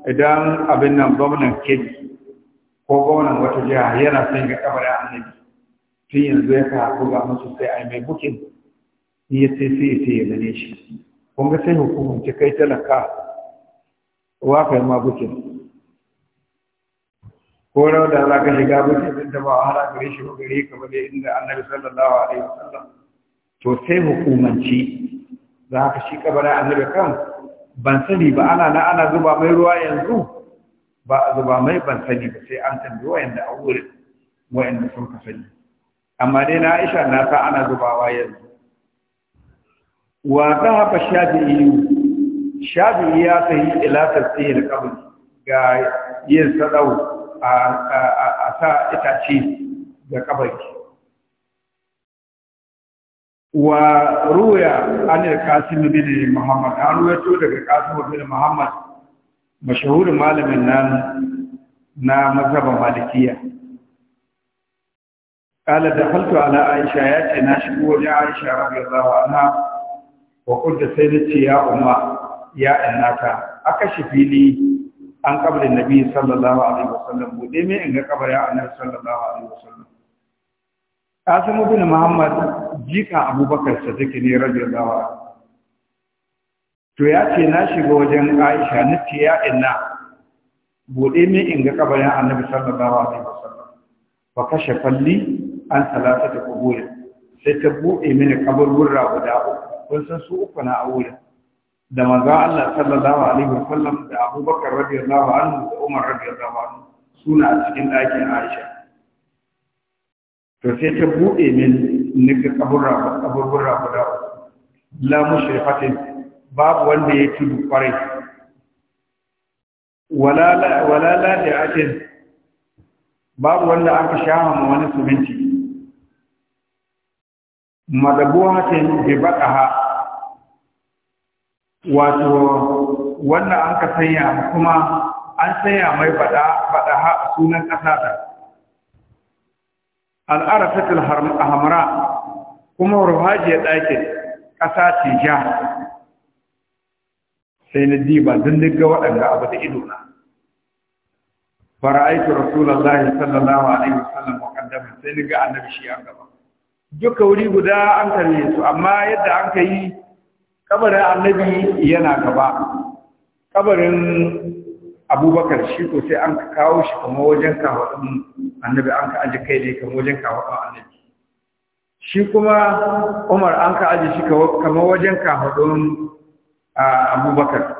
idan abin nan gwamnan keji ko gwamnan wata jiha yana son ga kabarin annabi tun yanzu ya ka buga musu sai a mai bukin ni ya sai sai sai ya gane shi kun ga sai hukumar ta kai talaka wa kai ma bukin ko da za ka shiga bukin din da ba hana gare shi ko gare ka ba inda annabi sallallahu alaihi wasallam to sai hukumanci za ka shi kabarin annabi kan ban sani ba ana na ana zuba mai ruwa yanzu ba a zuba mai ban sani ba sai an tambayi wayanda a wurin wayanda sun ka sani amma dai na Aisha na sa ana zubawa yanzu wa ta haka shafi'i shafi'i ya sahi ila tafsir kabul ga yin sadau a sa itace ga kabari wa ruya anil qasim bin muhammad an ruwato daga qasim bin muhammad mashahurin malamin nan na mazhaban malikiya kala da haltu ala aisha ya ce na shigo wajen aisha radiyallahu anha wa kunta sai na ce ya umma ya annata aka shi ni an kabarin nabi sallallahu alaihi wasallam bude me in ga kabarin annabi sallallahu alaihi wasallam Qasim bin Muhammad jika Abubakar Sadiq ne radiyallahu anhu to ya ce na shiga wajen aisha na ce ya inna buɗe min in ga kabarin annabi sallallahu alaihi wasallam fa kashe falli an salata da kubura sai ta buɗe mini wurra guda uku kun san su uku na aure da manzo Allah sallallahu alaihi wasallam da Abubakar radiyallahu anhu da Umar radiyallahu anhu suna cikin ɗakin Aisha to sai ta buɗe mini ni ga kaburra kaburburra guda uku la mushrifatin babu wanda ya tudu kwarai wala ladi'atin babu wanda aka sha ma wani suminci da baka ha wato wanda an ka sanya kuma an sanya mai bada bada sunan kasata al'arafatul hamra kuma ruhajiyar ɗakin ƙasa ce ja sai na ba don ga waɗanda abu da ido na fara'aitu rasulullahi sallallahu alaihi wasallam muqaddaman sai na ga annabi shi an gaba duka wuri guda an kalle su amma yadda an yi kabarin annabi yana gaba kabarin abubakar shi ko sai an kawo shi kama wajen kawaɗin annabi an ka aji kai ne kama wajen kawaɗin annabi shi kuma umar an ka aji shi kama wajen kawaɗin abubakar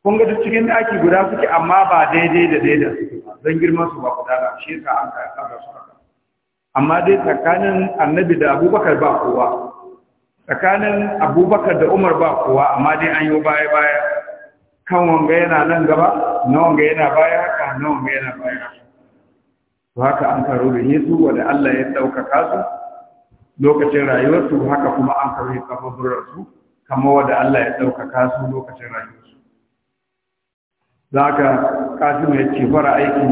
kun ga duk cikin daki guda suke amma ba daidai da daidai suke ba Zan girman su ba guda ba shi yasa an ka tsara su haka amma dai tsakanin annabi da abubakar ba kowa tsakanin abubakar da umar ba kowa amma dai an yi baya baya kan wanga yana nan gaba na wanga yana baya haka na wanga yana baya to haka an karo da yesu wanda Allah ya ɗaukaka su lokacin rayuwarsu haka kuma an karo ya kafa burarsu kamar wadda Allah ya ɗaukaka su lokacin rayuwarsu za ka kasu ya ce fara aiki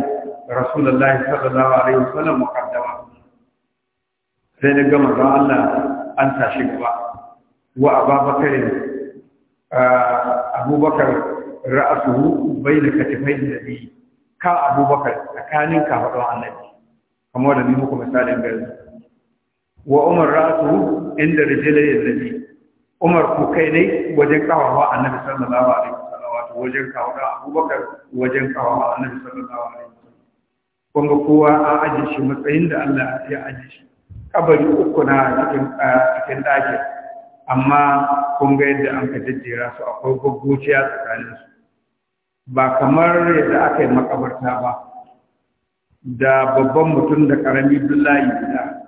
rasulullahi sallallahu alaihi wasallam muqaddama sai na gama don Allah an tashi gaba wa Abubakar abubakar bai da katifai da bi ka abubakar tsakanin kafaɗon annabi kamar da ni muku misalin gari wa umar ra'asuhu inda rijilai da bi umar ku kai ne wajen kawawa annabi sallallahu alaihi wasallam wato wajen kawawa abubakar wajen kawawa annabi sallallahu alaihi wasallam kun ga kowa an aje shi matsayin da Allah ya aje shi kabari uku na cikin cikin ɗakin amma kun ga yadda an ka jejjera su akwai gwaggociya tsakanin su ba kamar yadda aka yi makabarta ba da babban mutum da karami duk guda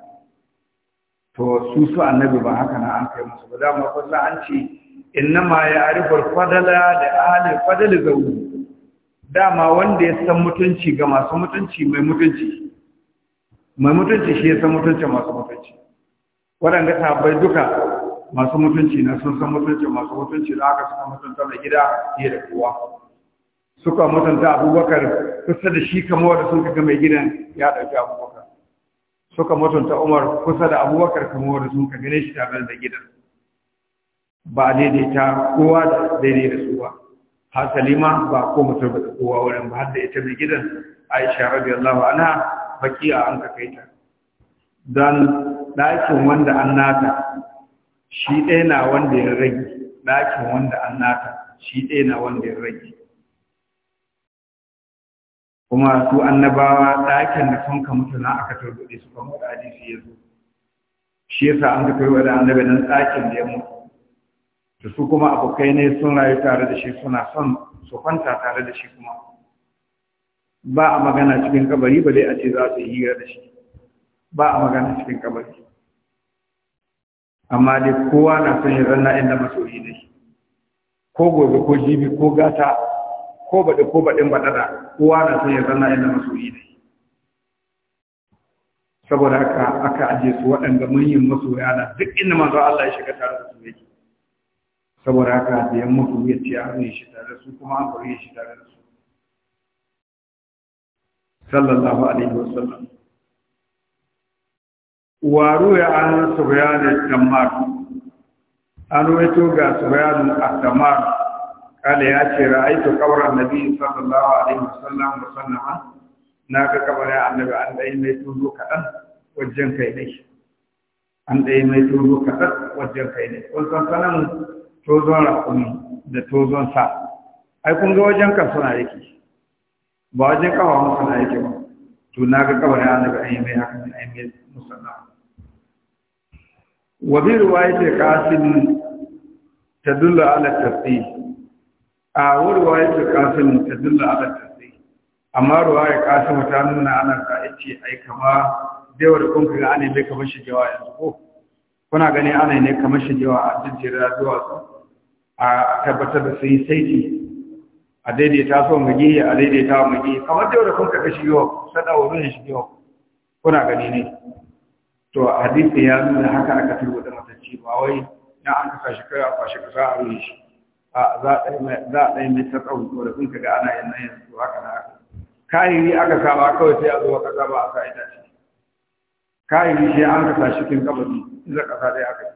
to su su annabi ba haka na an kai musu ba dama sai an ce ma ya arifar fadala da ahli fadali zawu dama wanda ya san mutunci ga masu mutunci mai mutunci mai mutunci shi ya san mutunci masu mutunci waɗanda sabai duka masu mutunci na sun san mutunci masu mutunci da aka san mutunta mai gida fiye da kowa suka mutunta abubakar kusa da shi kamar wanda sun kaga mai gidan ya ɗauki abubakar suka mutunta Umar kusa da Abubakar kamar wanda sun ka gane shi tare da gidan ba daidaita kowa da daidai da su ba har Salima ba ko mutum ba kowa wurin ba har da ita mai gidan Aisha radiyallahu anha bakiya an ka kai ta dan ɗakin wanda an nata shi ɗaya na wanda ya rage ɗakin wanda an nata shi ɗaya na wanda ya rage kuma su annabawa ɗakin da sun ka mutuna na aka turbuɗe su kuma da hadisi ya zo shi yasa an ka kai wa da annabi nan ɗakin da ya mutu da su kuma abokai ne sun rayu tare da shi suna son su kwanta tare da shi kuma ba a magana cikin kabari ba dai a ce za su yi hira da shi ba a magana cikin kabari amma dai kowa na son ya zanna inda masoyi ne ko gobe ko jibi ko gata ko baɗi ko baɗin baɗaɗa kowa na son ya zanna masu masoyi ne saboda haka aka ajiye su waɗanda manyan masoya na duk inda manzo Allah ya shiga tare da su yake saboda haka da yan mutu ya ce an yi shi tare da su kuma an kore shi tare da su sallallahu alaihi wasallam waru ya an subayan tamar an wato ga bayani a tamar قال يا شي رأيت قبر النبي صلى الله عليه وسلم مصنعا ناك قبر النبي أن دعي ميتون كأن وجن كيني أن دعي ميتون كأن وجن كيني قلت سلام توزون رقمي da tozon sa ai kun ga wajen ka suna yake ba wajen kawa mu suna yake ba to na ga kabarin annabi an yi mai haka ne an yi musanna wa bi riwayati qasim tadullu ala tafsir a wurwa yake kasin ta zilla ala tasai amma ruwa ya kasim ta nuna ana ka yace ai kama dawar kun kaga ana mai kamar shigewa yanzu ko kuna gani ana ne kamar shigewa a jinjira zuwa su a tabbatar da sai yi saiti a daidaita so magi a daidaita magi kamar dawar kun kaga shigewa sada wurin shigewa kuna gani ne to hadisi ya nuna haka aka turbo da ci ba wai na an kasa shi kai a kwashe kasa a rufe shi a za a ɗaya mai ta tsawon to da sun kaga ana yin nan yanzu haka na haka kayiri aka saba kawai sai a zo kasa ba a sa ita ce kayiri shi an kasa shi kin kabari inda kasa ɗaya aka yi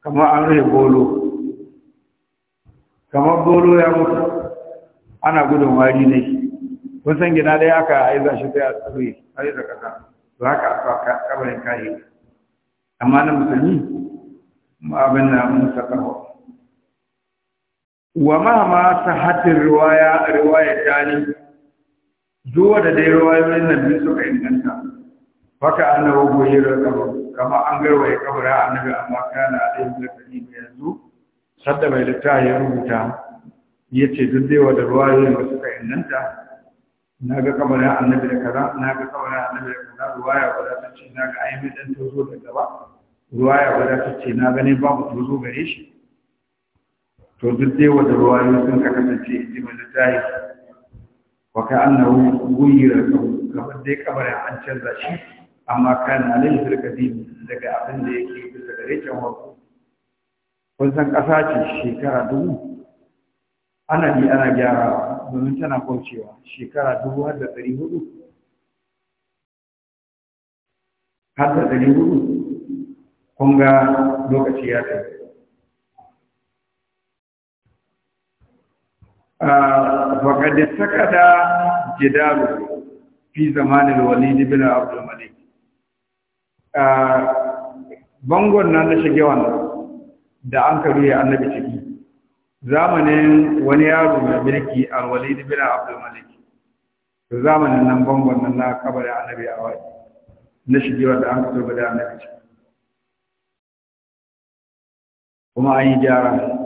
kamar an rufe bolo kamar bolo ya mutu ana gudun wari ne kun san gina ɗaya aka aiza shi sai a tsuri a yi da kasa to haka a sa kabarin kayiri amma na musulmi abin na musa kawo wa ma mahama sahatin riwaya riwayar tani zuwa da dai riwayoyin nan biyu suka inganta baka faka annabi goyira kabar kama an garwaye kabara annabi amma kana alayhi zakari yanzu sadda mai ta yi rubuta yace duk dai da riwayoyin ba suka inganta na ga naga a annabi da kaza na ga naga a annabi da kaza riwaya ba za ta ce na ga ainihin ɗan tozo da gaba riwaya ba za ta ce na gani babu tozo gare shi to duk dai wanda ruwayoyi sun ka kasance in ji mai littafi wa ka annahu ka, kamar dai kabarin an canza shi amma kana alaihi firkadi daga abin da yake bisa gare can wako kun san ƙasa ce shekara dubu ana bi ana gyara domin tana kaucewa shekara dubu har da ɗari hudu har da ɗari hudu kun ga lokaci ya tafi faƙad sakada jidaru fi zamanin walid bin abdul malik bangon nan na shige wannan da an karuye annabi ciki zamanin wani yaro mai mulki al-walid bin abdul malik zamanin nan bangon nan na kabarin annabi a wani na shigewar da an karuye da annabi ciki kuma an yi gyara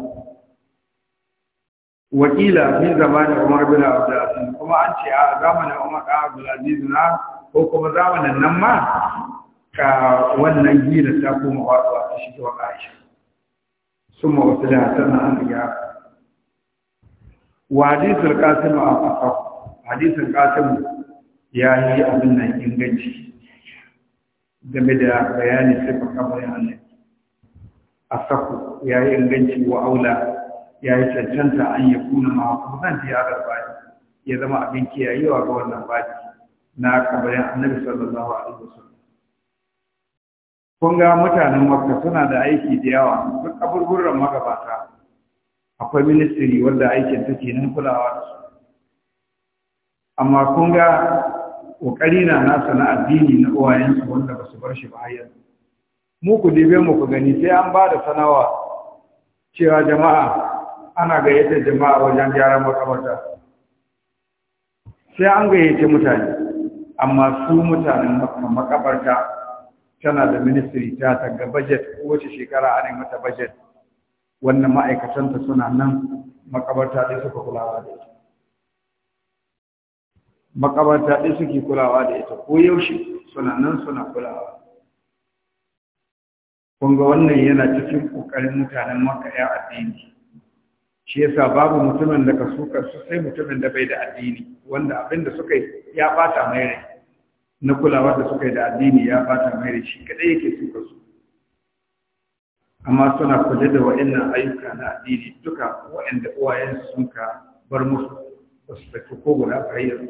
wakila min zamanin umar bin abdulaziz kuma an ce a zamanin umar bin abdulaziz na ko kuma zamanin nan ma ka wannan gida ta koma wasu a shi wa aisha sun ma wasu da sannan an ya wa hadisul a fasa hadisul qasim ya yi abin nan inganci game da bayani sai ka kamar a asaku ya yi inganci wa aula ya yi cancanta an yi kuna mahaifuzan ziyarar baji ya zama abin kiyayewa ga wannan baki na kabarin annabi sallallahu alaihi wasallam kun ga mutanen makka suna da aiki da yawa duk kaburburan magabata akwai ministiri wanda aikin take nan kulawa da su amma kun ga kokari na nasa na addini na uwayensu wanda ba su bar shi ba yanzu mu ku dibe mu ku gani sai an ba da sanawa cewa jama'a ana gayyatar jama'a wajen gyaran makabarta sai an gayyace mutane amma su mutanen makabarta tana da ministry ta taga budget kowace shekara ana mata budget wannan ma'aikatanta suna nan makabarta ɗin suka kulawa da ita makabarta ɗin suke kulawa da ita ko yaushe suna nan suna kulawa kun ga wannan yana cikin ƙoƙarin mutanen maka ya addini shi yasa babu mutumin da ka sukar sai mutumin da bai da addini wanda abin da suka ya fata mai rai na kulawar da suka yi da addini ya fata mai rai shi kadai yake sukar su amma suna kula da wa'annan ayyuka na addini duka wa'anda uwayen sun ka bar musu ba su tafi ko guda fayyar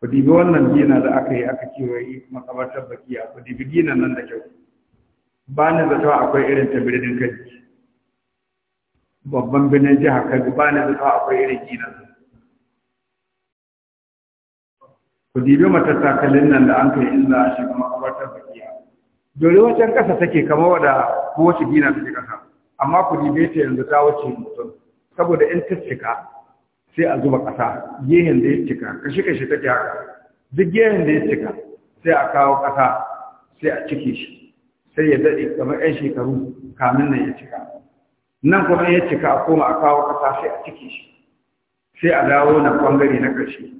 ku dibi wannan gina da aka yi aka kewaye makabartar bakiya ku dibi gina nan da kyau ba ni zato akwai irin ta birnin kai babban birnin jiha kabi ba na zuwa akwai irin gina ku dibi matattakalin nan da an kai inda a shiga makabartar bakiya dole wajen kasa take kama wada ko wace gina take kasa amma ku dibe ta yanzu ta wuce mutum saboda in ta cika sai a zuba kasa gehen da ya cika kashi kashi take haka duk gehen da ya cika sai a kawo kasa sai a cike shi sai ya daɗe kamar 'yan shekaru kamin nan ya cika nan kuma ya cika a koma a kawo ƙasa sai a ciki shi sai a dawo na ɓangare na ƙarshe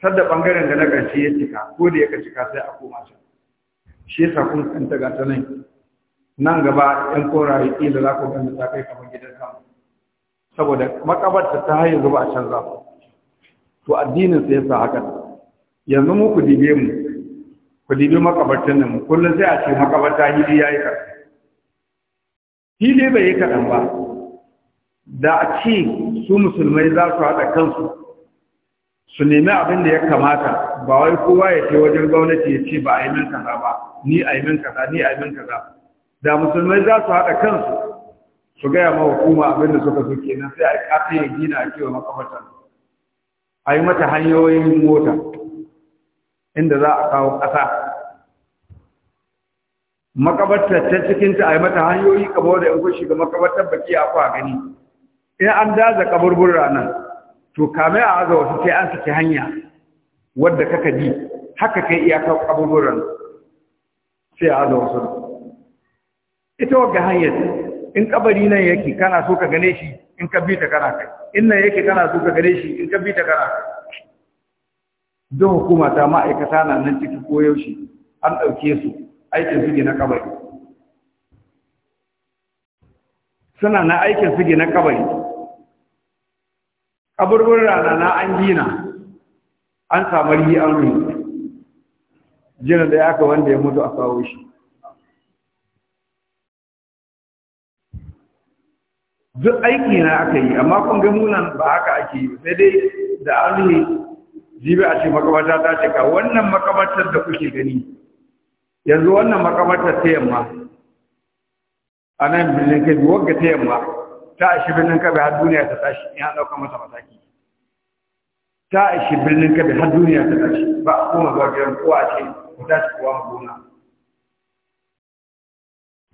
sadda ɓangaren da na ƙarshe ya cika ko da ya ka cika sai a koma shi shi yasa kun kanta ga ta nan nan gaba yan koraye da za ku ganda ta kai kamar gidan sama saboda maƙabarta ta haye zuba a canza ba to addinin sa yasa haka yanzu mu ku dibe mu ku dibe makabartan nan kullum sai a ce makabarta hili yayi Ni hili bai yi kaɗan ba da a ce su musulmai za su haɗa kansu su nemi abin da ya kamata ba wai kowa ya ce wajen gwamnati ya ce ba a yi min kaza ba ni a yi min kaza ni a yi min kaza da musulmai za su haɗa kansu su gaya ma hukuma abin da suka so kenan sai a yi ƙasa ya gina a kewa makamata a yi mata hanyoyin mota inda za a kawo ƙasa makabartar ta cikinta a yi mata hanyoyi kamar da in shiga makabartar baki a kwa gani in an daza kaburbura nan to kame a aza wasu sai an saki hanya wadda kaka bi haka kai iyakar kaburburan sai a aza wasu ita wagga hanyar in kabari nan yake kana so ka gane shi in ka bi ta kana kai in nan yake kana so ka gane shi in ka bi ta kana kai don hukuma ta ma'aikata na nan ciki koyaushe an ɗauke su aikin su na kabari suna na aikin su na kabari kaburburan rana na an gina an samar yi an yi da ya aka wanda ya mutu a kawo shi duk aiki na aka yi amma kun ga munan ba haka ake yi sai dai da an yi jibi a ce makamata ta cika wannan makamatar da kuke gani yanzu wannan makamatar ta yamma a nan birnin kai wagga ta yamma ta ishi birnin kabe har duniya ta tashi ya ɗauka masa mataki ta ishi birnin kabe har duniya ta tashi ba a koma zuwa gidan kowa a ce ku tashi kowa mu gona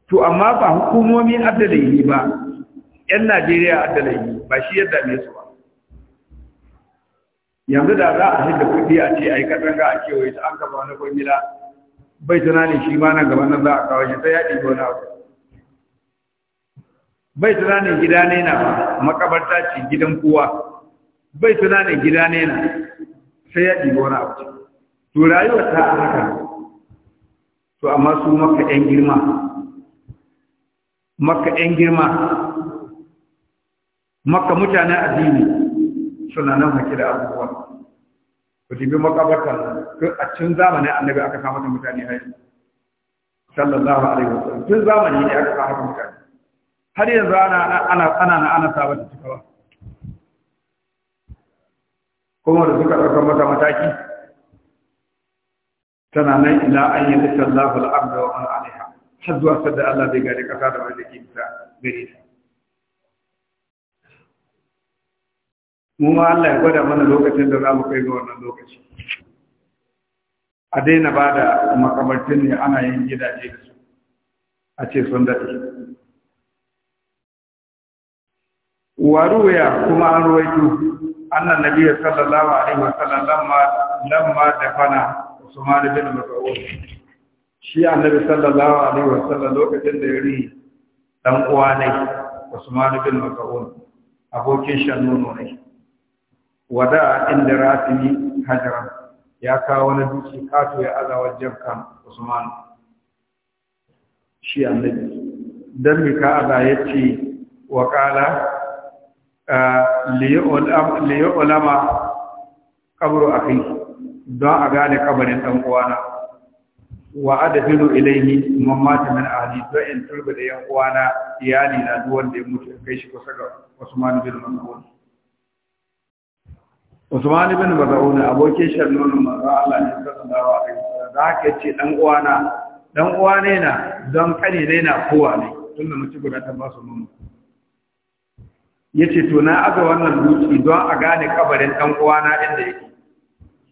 to amma ba hukumomi adalai ba yan najeriya adalai ba shi yadda ne su ba yanzu da za a hidda kuɗi a ce a yi ga a kewaye ta an gaba wani kwamila bai tunanin shi ma nan gaban nan za a kawo shi ta ya gona na abu bai tunanin gida ne na ba makabarta ce gidan kowa bai tunanin gida ne na sai ya ɗi wani abu to rayuwar ta haka to amma su maka ɗan girma maka ɗan girma maka a addini suna nan haƙi da abubuwa ku jibi makabarta a cikin zamanin annabi aka samu mutane haihu sallallahu alaihi wasallam tun zamani ne aka samu mutane har yanzu ana ana ana ana ana saba da cikawa kuma da suka ɗaukar mata mataki tana nan ila an yi littar lafal arda wa al'aliha har zuwa sadda Allah zai gari ƙasa da wanda ke bisa gare ta mu ma Allah ya gwada mana lokacin da za mu kai ga wannan lokaci a daina ba da makamartin ne ana yin gidaje da su a ce sun daɗe waruya kuma an ruwaito annan nabi sallallahu alaihi wasallam lamma lamma dafana Usman bin Mas'ud shi annabi sallallahu alaihi wasallam lokacin da ya dan uwa ne Usman bin Mas'ud abokin shannono ne wada inda rasimi hajara ya kawo wani duki kato ya azawa wajen Usman shi annabi dan mika aza yace wa qala liya ulama kabru akhi don a gane kabarin dan uwana wa adfilu ilayhi mata min ahli to in turba da yan uwana iyali na duwan da ya mutu kai shi kusa ga Usman bin Mas'ud Usman bin Mas'ud abokin sharnonin manzo Allah ne sallallahu a wasallam da ke ce dan uwana dan uwane na don kani ne na kowa ne tunda mutu guda ta ba su nono ya ce to na aza wannan dutse don a gane kabarin ɗan uwana inda yake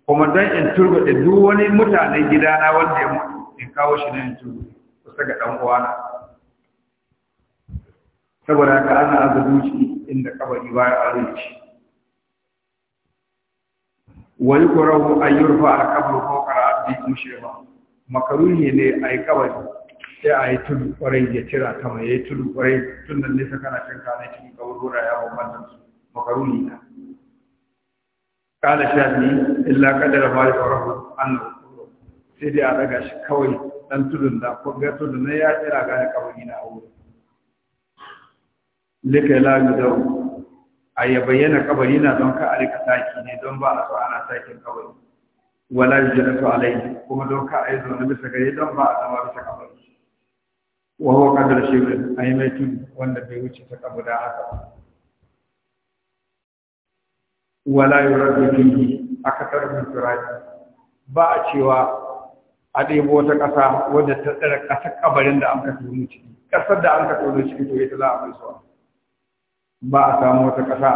kuma don in turgaɗe duk wani mutanen gidana wanda ya mutu in kawo shi nan turbaɗe kusa ga ɗan uwana saboda ka ana aza dutse inda kabari ba ya aure shi wa yukrahu an yurfa al-qabru fawqa ra'si mushrifa makruhi ne yi kabari sai a yi tudu kwarai ya cira mai ya yi tudu kwarai tun da nesa kana cin kane cikin kaburura ya bambanta su makaruni na kana shafi illa kadara ma ya na hukuru sai dai a daga shi kawai dan tudun da ko ga tudun na ya tsira ga ya kawai na aure lika la gudau a ya bayyana kabari na don ka a rika taki ne don ba a so ana takin kawai, wala yujatu alai kuma don ka a yi zaune bisa gari don ba a zama bisa kabari wa huwa qadar a yi mai tudu wanda bai wuce ta da haka wala yi yuraddu jini a min turati ba a cewa a ɗebo wata ƙasa wadda ta tsara ƙasar kabarin da an ka tono ciki ƙasar da an ka tono ciki to ita za a mai suwa ba a samu wata ƙasa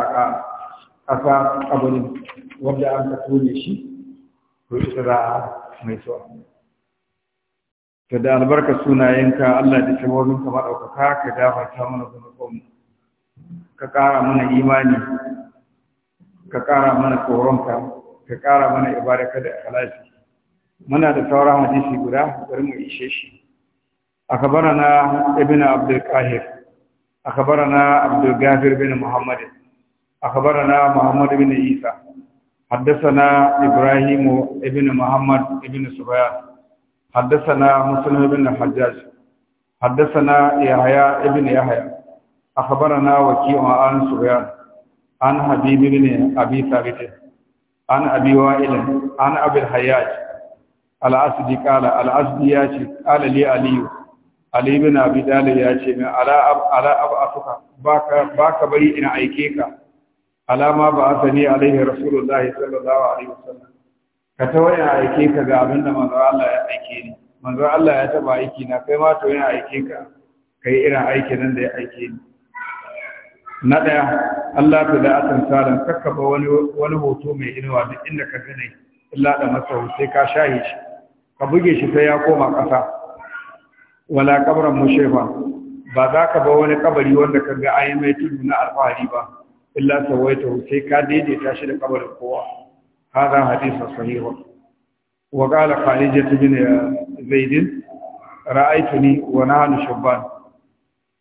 a ƙasa kabarin wadda an ka tone shi to ita za a mai suwa ka da albarka sunayenka Allah da shawarin ka madaukaka ka gafarta mana zunubin ka kara mana imani ka kara mana tsoron ka ka kara mana ibada ibadaka da ikhlasi muna da tsauran hadisi guda bari mu ishe shi na, ibnu abdul qahir na, abdul gafir bin muhammad na, muhammad bin isa Haddasa حدثنا ابراهيم ابن Muhammad ابن سفيان حدثنا مسلم بن الحجاج حدثنا يحيى ابن يحيى أخبرنا وكيع عن سفيان عن حبيب بن أبي ثابت عن أبي وائل عن أبي الحياج الأسدي قال الأسدي ياتي قال لي علي علي بن أبي طالب ياتي على أب على أب أفك باك باك بري إن أيكيك على ما بعثني عليه رسول الله صلى الله عليه وسلم ka ta wani aike ka ga abin da manzo Allah ya aike ni manzo Allah ya taba aiki na kai ma to yana aike ka kai irin aiki nan da ya aike ni na daya Allah ta da atan saran kakkaba wani wani hoto mai inuwa duk inda ka gane illa da masa sai ka shahi shi ka buge shi sai ya koma kasa wala kabran mushefa ba za ka ba wani kabari wanda ka ga ayi mai tudu na alfahari ba illa sawaita sai ka daidaita shi da kabarin kowa هذا حديث صحيح وقال خالجة بن زيد رأيتني ونحن شبان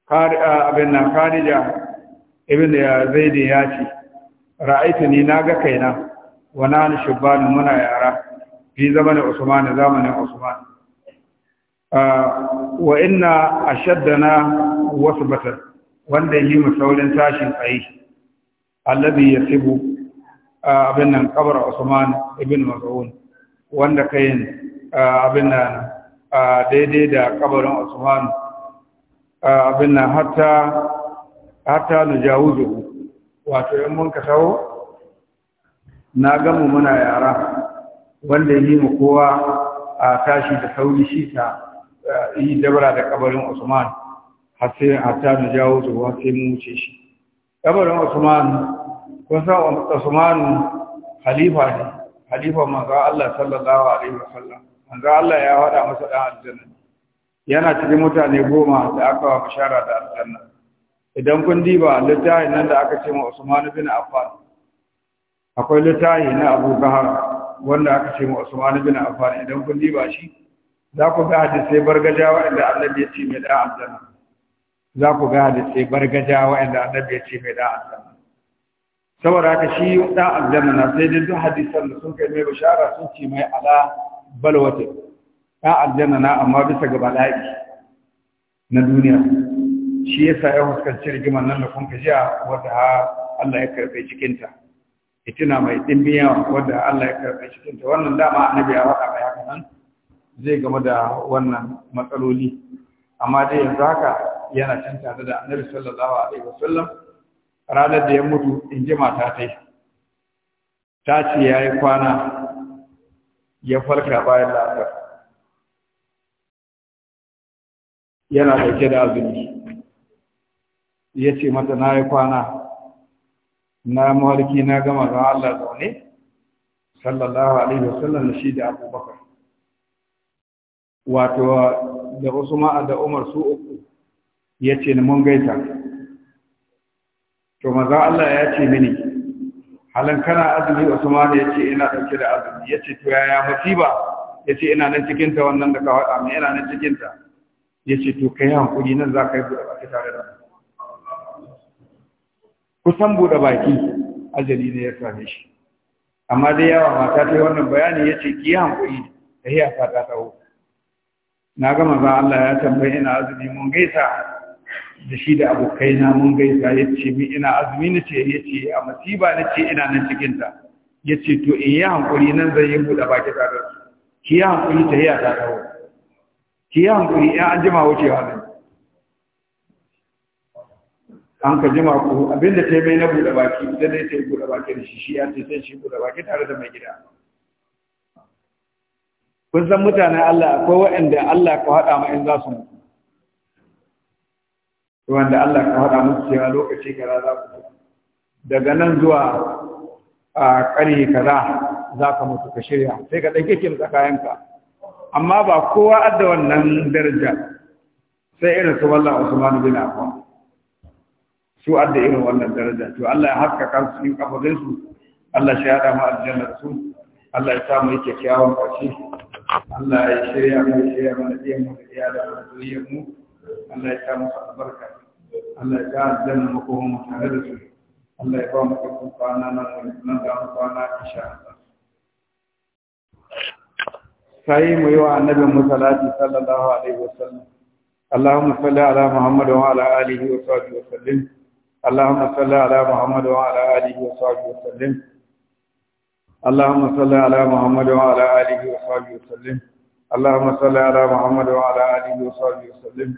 abin Khadija ibn Zaid ya ce ra'aitu ni naga kaina wa nan shubban muna yara fi zamanin Usman zamanin Usman wa inna ashaddana wasbatan wanda yi mu saurin tashin tsayi alladhi yasibu abin nan kabar Usman ibn Mas'ud wanda kayin abin nan daidai da kabarin Usman abin nan hatta hatta jawuzu wato in mun ka tawo na gamu muna yara wanda yi mu kowa a tashi da sauri shi ta yi dabara da kabarin Usman har sai hatta nujawuzu har sai mu ce shi kabarin Usman kun sa Usman khalifa ne khalifa manzo Allah sallallahu alaihi wasallam manzo Allah ya wada masa dan aljanna yana cikin mutane goma da aka wa bishara da aljanna idan kun diba littafin nan da aka ce ma Usman bin Affan akwai littafi na Abu Bakar wanda aka ce ma Usman bin Affan idan kun diba shi za ku ga hadisai bargaja inda Annabi ya ce mai da aljanna za ku ga hadisai bargaja inda Annabi ya ce mai da aljanna saboda haka shi ɗan aljanna sai dai duk hadisan da sun kai mai bashara sun ce mai ala balwata ɗan aljanna na amma bisa ga bala'i na duniya shi yasa ya fuskanci rigimar nan da kun jiya wadda Allah ya cikin ta itina mai dimbiya yawa wadda Allah ya cikin ta wannan dama annabi ya faɗa mai nan zai game da wannan matsaloli amma dai yanzu haka yana can tare da annabi sallallahu alaihi wasallam ranar da ya mutu in ji mata ta yi ta ce ya yi kwana ya farka bayan la'asar yana dauke da azumi ya ce mata na yi kwana na mawarki na gama ga Allah zaune sallallahu alaihi sallam da shi da abubakar wato da ma'a da umar su uku ya ce ni mun gaita to maza Allah ya ce mini halin kana azumi Usman ya ce ina dauke da azumi ya ce to yaya musiba ya ce ina nan cikin ta wannan da ka faɗa mai ina nan cikin ta ya ce to kai hankuri nan za ka yi buɗe baki tare da kusan buɗe baki ajali ne ya same shi amma dai yawa mata ta yi wannan bayani ya ce ki yi hankuri yi hiya fata ta na ga za Allah ya tambaye ina azumi mun gaisa da shi da abokaina mun gaisa ya ce mi ina azumi na ce ya ce a masiba na ce ina nan cikinta ya ce to in yi hankuri nan zai yi buɗe baki tare da su ki yi hankuri ta a ta dawo ki yi hankuri ya an jima wucewa ne an ka jima ku? abinda ta yi mai na buɗe baki da ne ta yi buɗe baki da shi shi ya ce sai shi buɗe baki tare da mai gida kun san mutanen Allah akwai waɗanda Allah ka haɗa ma in za su mutu wanda Allah ka haɗa musu cewa lokaci kaza za ku mutu daga nan zuwa a ƙarni kaza za ka mutu ka shirya sai ka ɗauke kin tsakayenka amma ba kowa adda wannan daraja sai irin su wallah Usman bin Affan su adda irin wannan daraja to Allah ya kan su in kafafin su Allah shi haɗa mu aljanna su Allah ya sa mu yi kashi Allah ya shirya mu shirya mu da iyalan mu da iyalan mu Allah ya sa mu albarka Allah ya mako makohon tare da su Allah ya ba mu kakkan kwana nan da an kwana insha Allah sai mu yi wa annabin musallati sallallahu alaihi wasallam اللهم صل على محمد وعلى اللهم صل على محمد وعلى آله وصحبه وسلم اللهم صل على محمد وعلى آله وصحبه وسلم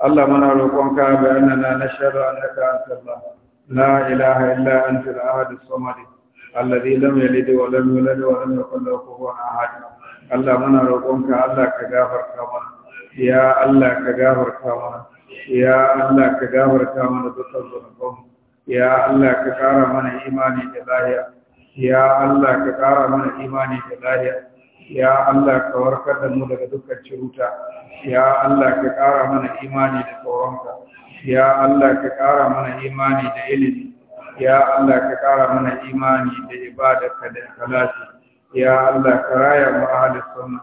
Allah muna roƙonka bi annana nashhadu annaka antal Allah la ilaha illa anta al-ahad as-samad alladhi lam yalid wa lam yulad wa lam yakul lahu kufuwan ahad Allah muna roƙonka Allah ka gafarta mana ya Allah ka gafarta mana ya Allah ka gafarta mana dukkan zunubanmu ya Allah ka ƙara mana imani da lahiya ya Allah ka ƙara mana imani da lahiya ya Allah ka warkar da mu daga dukkan ciruta ya Allah ka ƙara mana imani da tsoronka ya Allah ka ƙara mana imani da ilimi ya Allah ka ƙara mana imani da ibadarka da ikhlasi ya Allah ka raya mu ahli sunna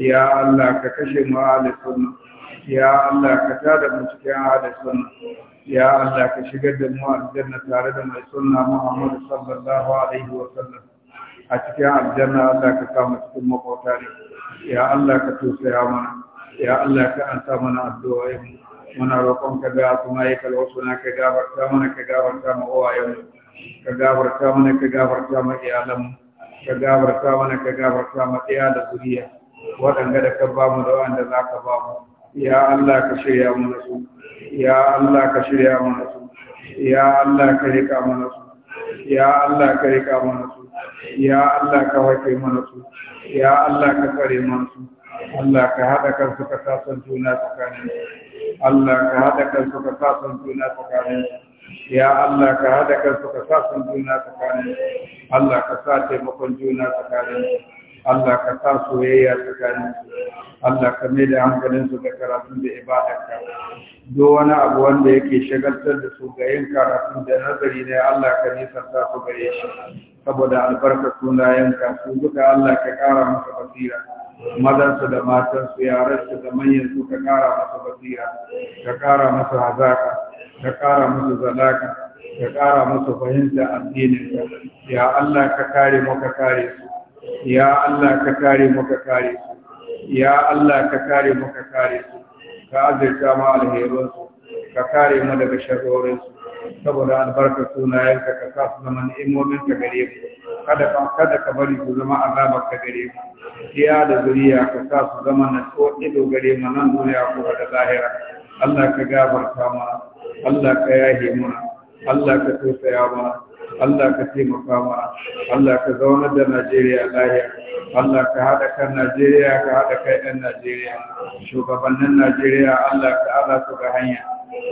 ya Allah ka kashe mu ahli sunna ya Allah ka tada mu cikin ahli sunna ya Allah ka shigar da mu aljanna tare da mai sunna Muhammad sallallahu alaihi wa sallam a cikin aljanna Allah ka kama cikin makota ne ya Allah ka tausaya mana ya Allah ka ansa mana addu'a muna roƙon ka ga kuma yi na ka gabarta mana ka gabarta mu yau ka gabarta mana ka gabarta mu iyalan ka gabarta mana ka gabarta mu iya da zuriya waɗanda da ka ba mu da waɗanda za ka ba mu ya Allah ka shirya mana su ya Allah ka shirya mana su ya Allah ka rika mana su ya Allah ka rika mana su ya Allah ka wake mana su ya Allah ka tsare mana su Allah ka haɗa kansu ka sasan juna tsakanin su, Allah ka haɗa kansu ka sasan juna tsakanin su, ya Allah ka haɗa kansu ka sasan juna tsakanin su, Allah ka sa taimakon juna tsakanin su, Allah ka sa soyayya tsakanin su, Allah ka mai da hankalin su da karatun da ibadarka duk wani abu wanda yake shagaltar da su ga yin karatu da nazari ne Allah ka nisanta su gare shi saboda albarka yin su duka Allah ka kara musu basira mazansu da matansu yaransu da manyan su ka kara musu basira ka kara musu hazaka ka kara musu zalaka ka kara musu fahimta addininka ya Allah ka kare mu ka kare su ya Allah ka kare mu ka kare su ya Allah ka kare mu ka kare su ka azurta ma alherinsu ka kare mu daga sharorinsu saboda albarka sunayenka ka sa su zama ni'imomin ka gare mu kada ka kada ka bari su zama azabar ka gare mu iya da zuriya ka sa su zama na so ido gare mu nan duniya ko da lahira Allah ka gafarta mana Allah ka yahe mana Allah ka tausaya mana Allah ka taimaka mana Allah ka zaunar da Najeriya lahiya Allah ka haɗa kan Najeriya ka haɗa kai ɗan Najeriya shugabannin Najeriya Allah ka ala su ga hanya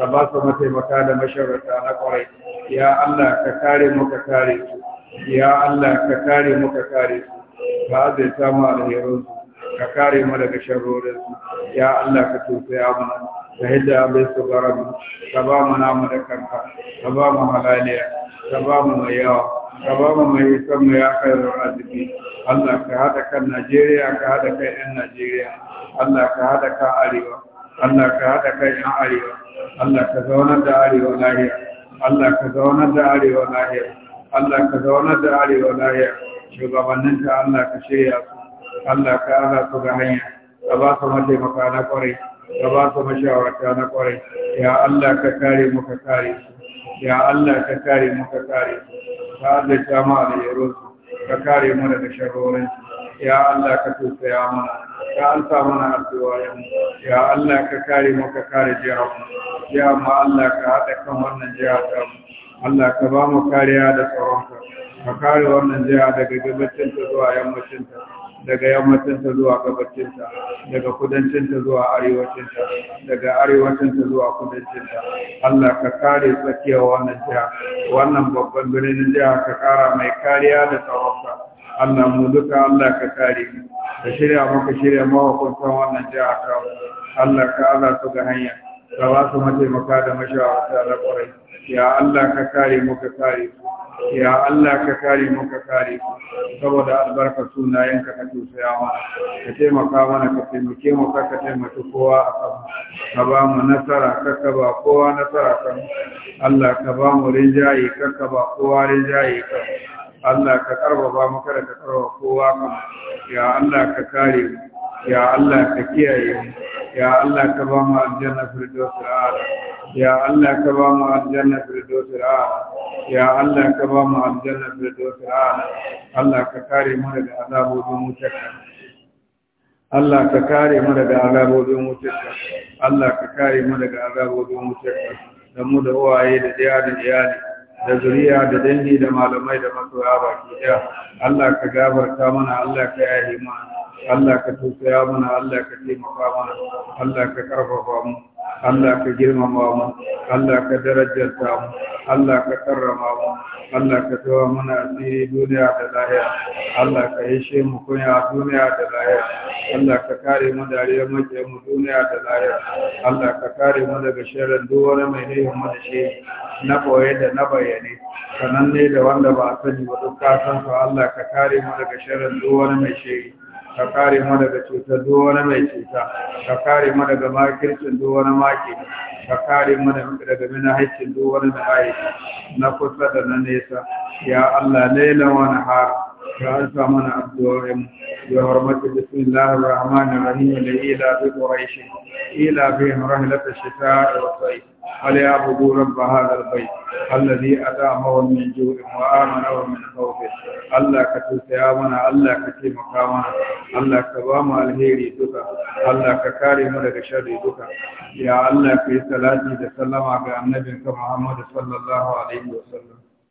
ka ba su mataimaka da masharata na kwarai ya Allah ka kare mu ka kare su ya Allah ka kare mu ka kare su ka azaita mu alherunsu ka kare mu daga sharorin ya Allah ka tausaya mana ka hidda bai su mu. ka ba mu namu da kanka ka ba mu halaliya ka ba mu mai yawa ka ba mu mai isan mu ya kai da arziki Allah ka hada kan Najeriya ka hada kan yan Najeriya Allah ka hada kan Arewa Allah ka hada kan yan Arewa Allah ka zaunar da Arewa lahiya Allah ka zaunar da Arewa lahiya Allah ka zaunar da Arewa lahiya shugabanninka Allah ka shirya su Allah ka ana su ga hanya ka ba su mataimaka na kwarai ka ba su mashawarta na kwarai ya Allah ka kare mu ka kare su ya Allah ka kare mu ka kare su ka azurta mu alherin su ka kare mu daga sharorin ya Allah ka tausaya mana ka ansa mana addu'o'in ya Allah ka kare mu ka kare jihar ya ma Allah ka hada kan wannan jihar ta Allah ka ba mu kariya da tsaronka ka kare wannan jiya daga gabacinta zuwa yammacinta daga yammacinta zuwa gabacinta daga kudancinta zuwa arewacinta daga arewacinta zuwa kudancinta Allah ka kare tsakiyar wannan jiha wannan babban birnin jiha ka kara mai kariya da tsawonka, Allah mu duka Allah ka kare ka shirya maka shirya mahukuntan wannan jiha ka Allah ka ala su ga hanya ka ba su mataimaka da mashawarta na ƙwarai ya Allah ka kare mu ka kare ya Allah ka kare mu ka kare saboda albarka sunayen ka ka tusaya mana ka taimaka mana ka taimake mu ka ka taimaki kowa a kan ka ba mu nasara ka ka ba kowa nasara kan Allah ka ba mu rinjaye ka ka ba kowa rinjaye kan Allah ka ba mu kada ka karba kowa kan ya Allah ka kare mu ya Allah ka kiyaye mu ya Allah ka ba mu aljanna firdausul a'la ya Allah ka ba mu aljanna firdausul a'la ya Allah ka ba mu aljanna firdausul a'la Allah ka kare mu daga azabobin wutarka Allah ka kare mu daga azabobin wutarka Allah ka kare mu daga azabobin wutarka da mu da uwaye da ɗaya da iyali da zuriya da dangi da malamai da masoya baki ɗaya Allah ka gafarta mana Allah ka yahi mana Allah ka tausaya mana Allah ka taimaka mana Allah ka karfafa mu Allah ka girmama mu Allah ka darajarta mu Allah ka karrama mu Allah ka tawa mana asiri duniya da lahira Allah ka yashe mu kunya duniya da lahira Allah ka kare mu da rayuwar mace mu duniya da lahira Allah ka kare mu daga sharrin duk wani mai laihin mu da shi na koye da na bayyane sananne da wanda ba a sani ba duk ka san Allah ka kare mu daga sharrin duk wani mai shi ka kare mu daga cutar duk wani mai cuta ka kare mu daga makircin duk wani maki ka kare mu daga mina haƙƙin duk wani mai aiki na kusa da na nesa ya Allah laila wa nahar ka ansa mana addu'o'in ya hormati bismillahir rahmanir rahim la ila bi quraish ila bihim rahlatash shita'i wa sayf فليعبدوا رب هذا البيت الذي أدامهم من جوع وآمنهم من خوف الله كتوسعنا الله كتيمكامنا الله كبام الهيري دوكا الله ككارم لك شر دوكا يا الله في صلاتي وسلم على النبي محمد صلى الله عليه وسلم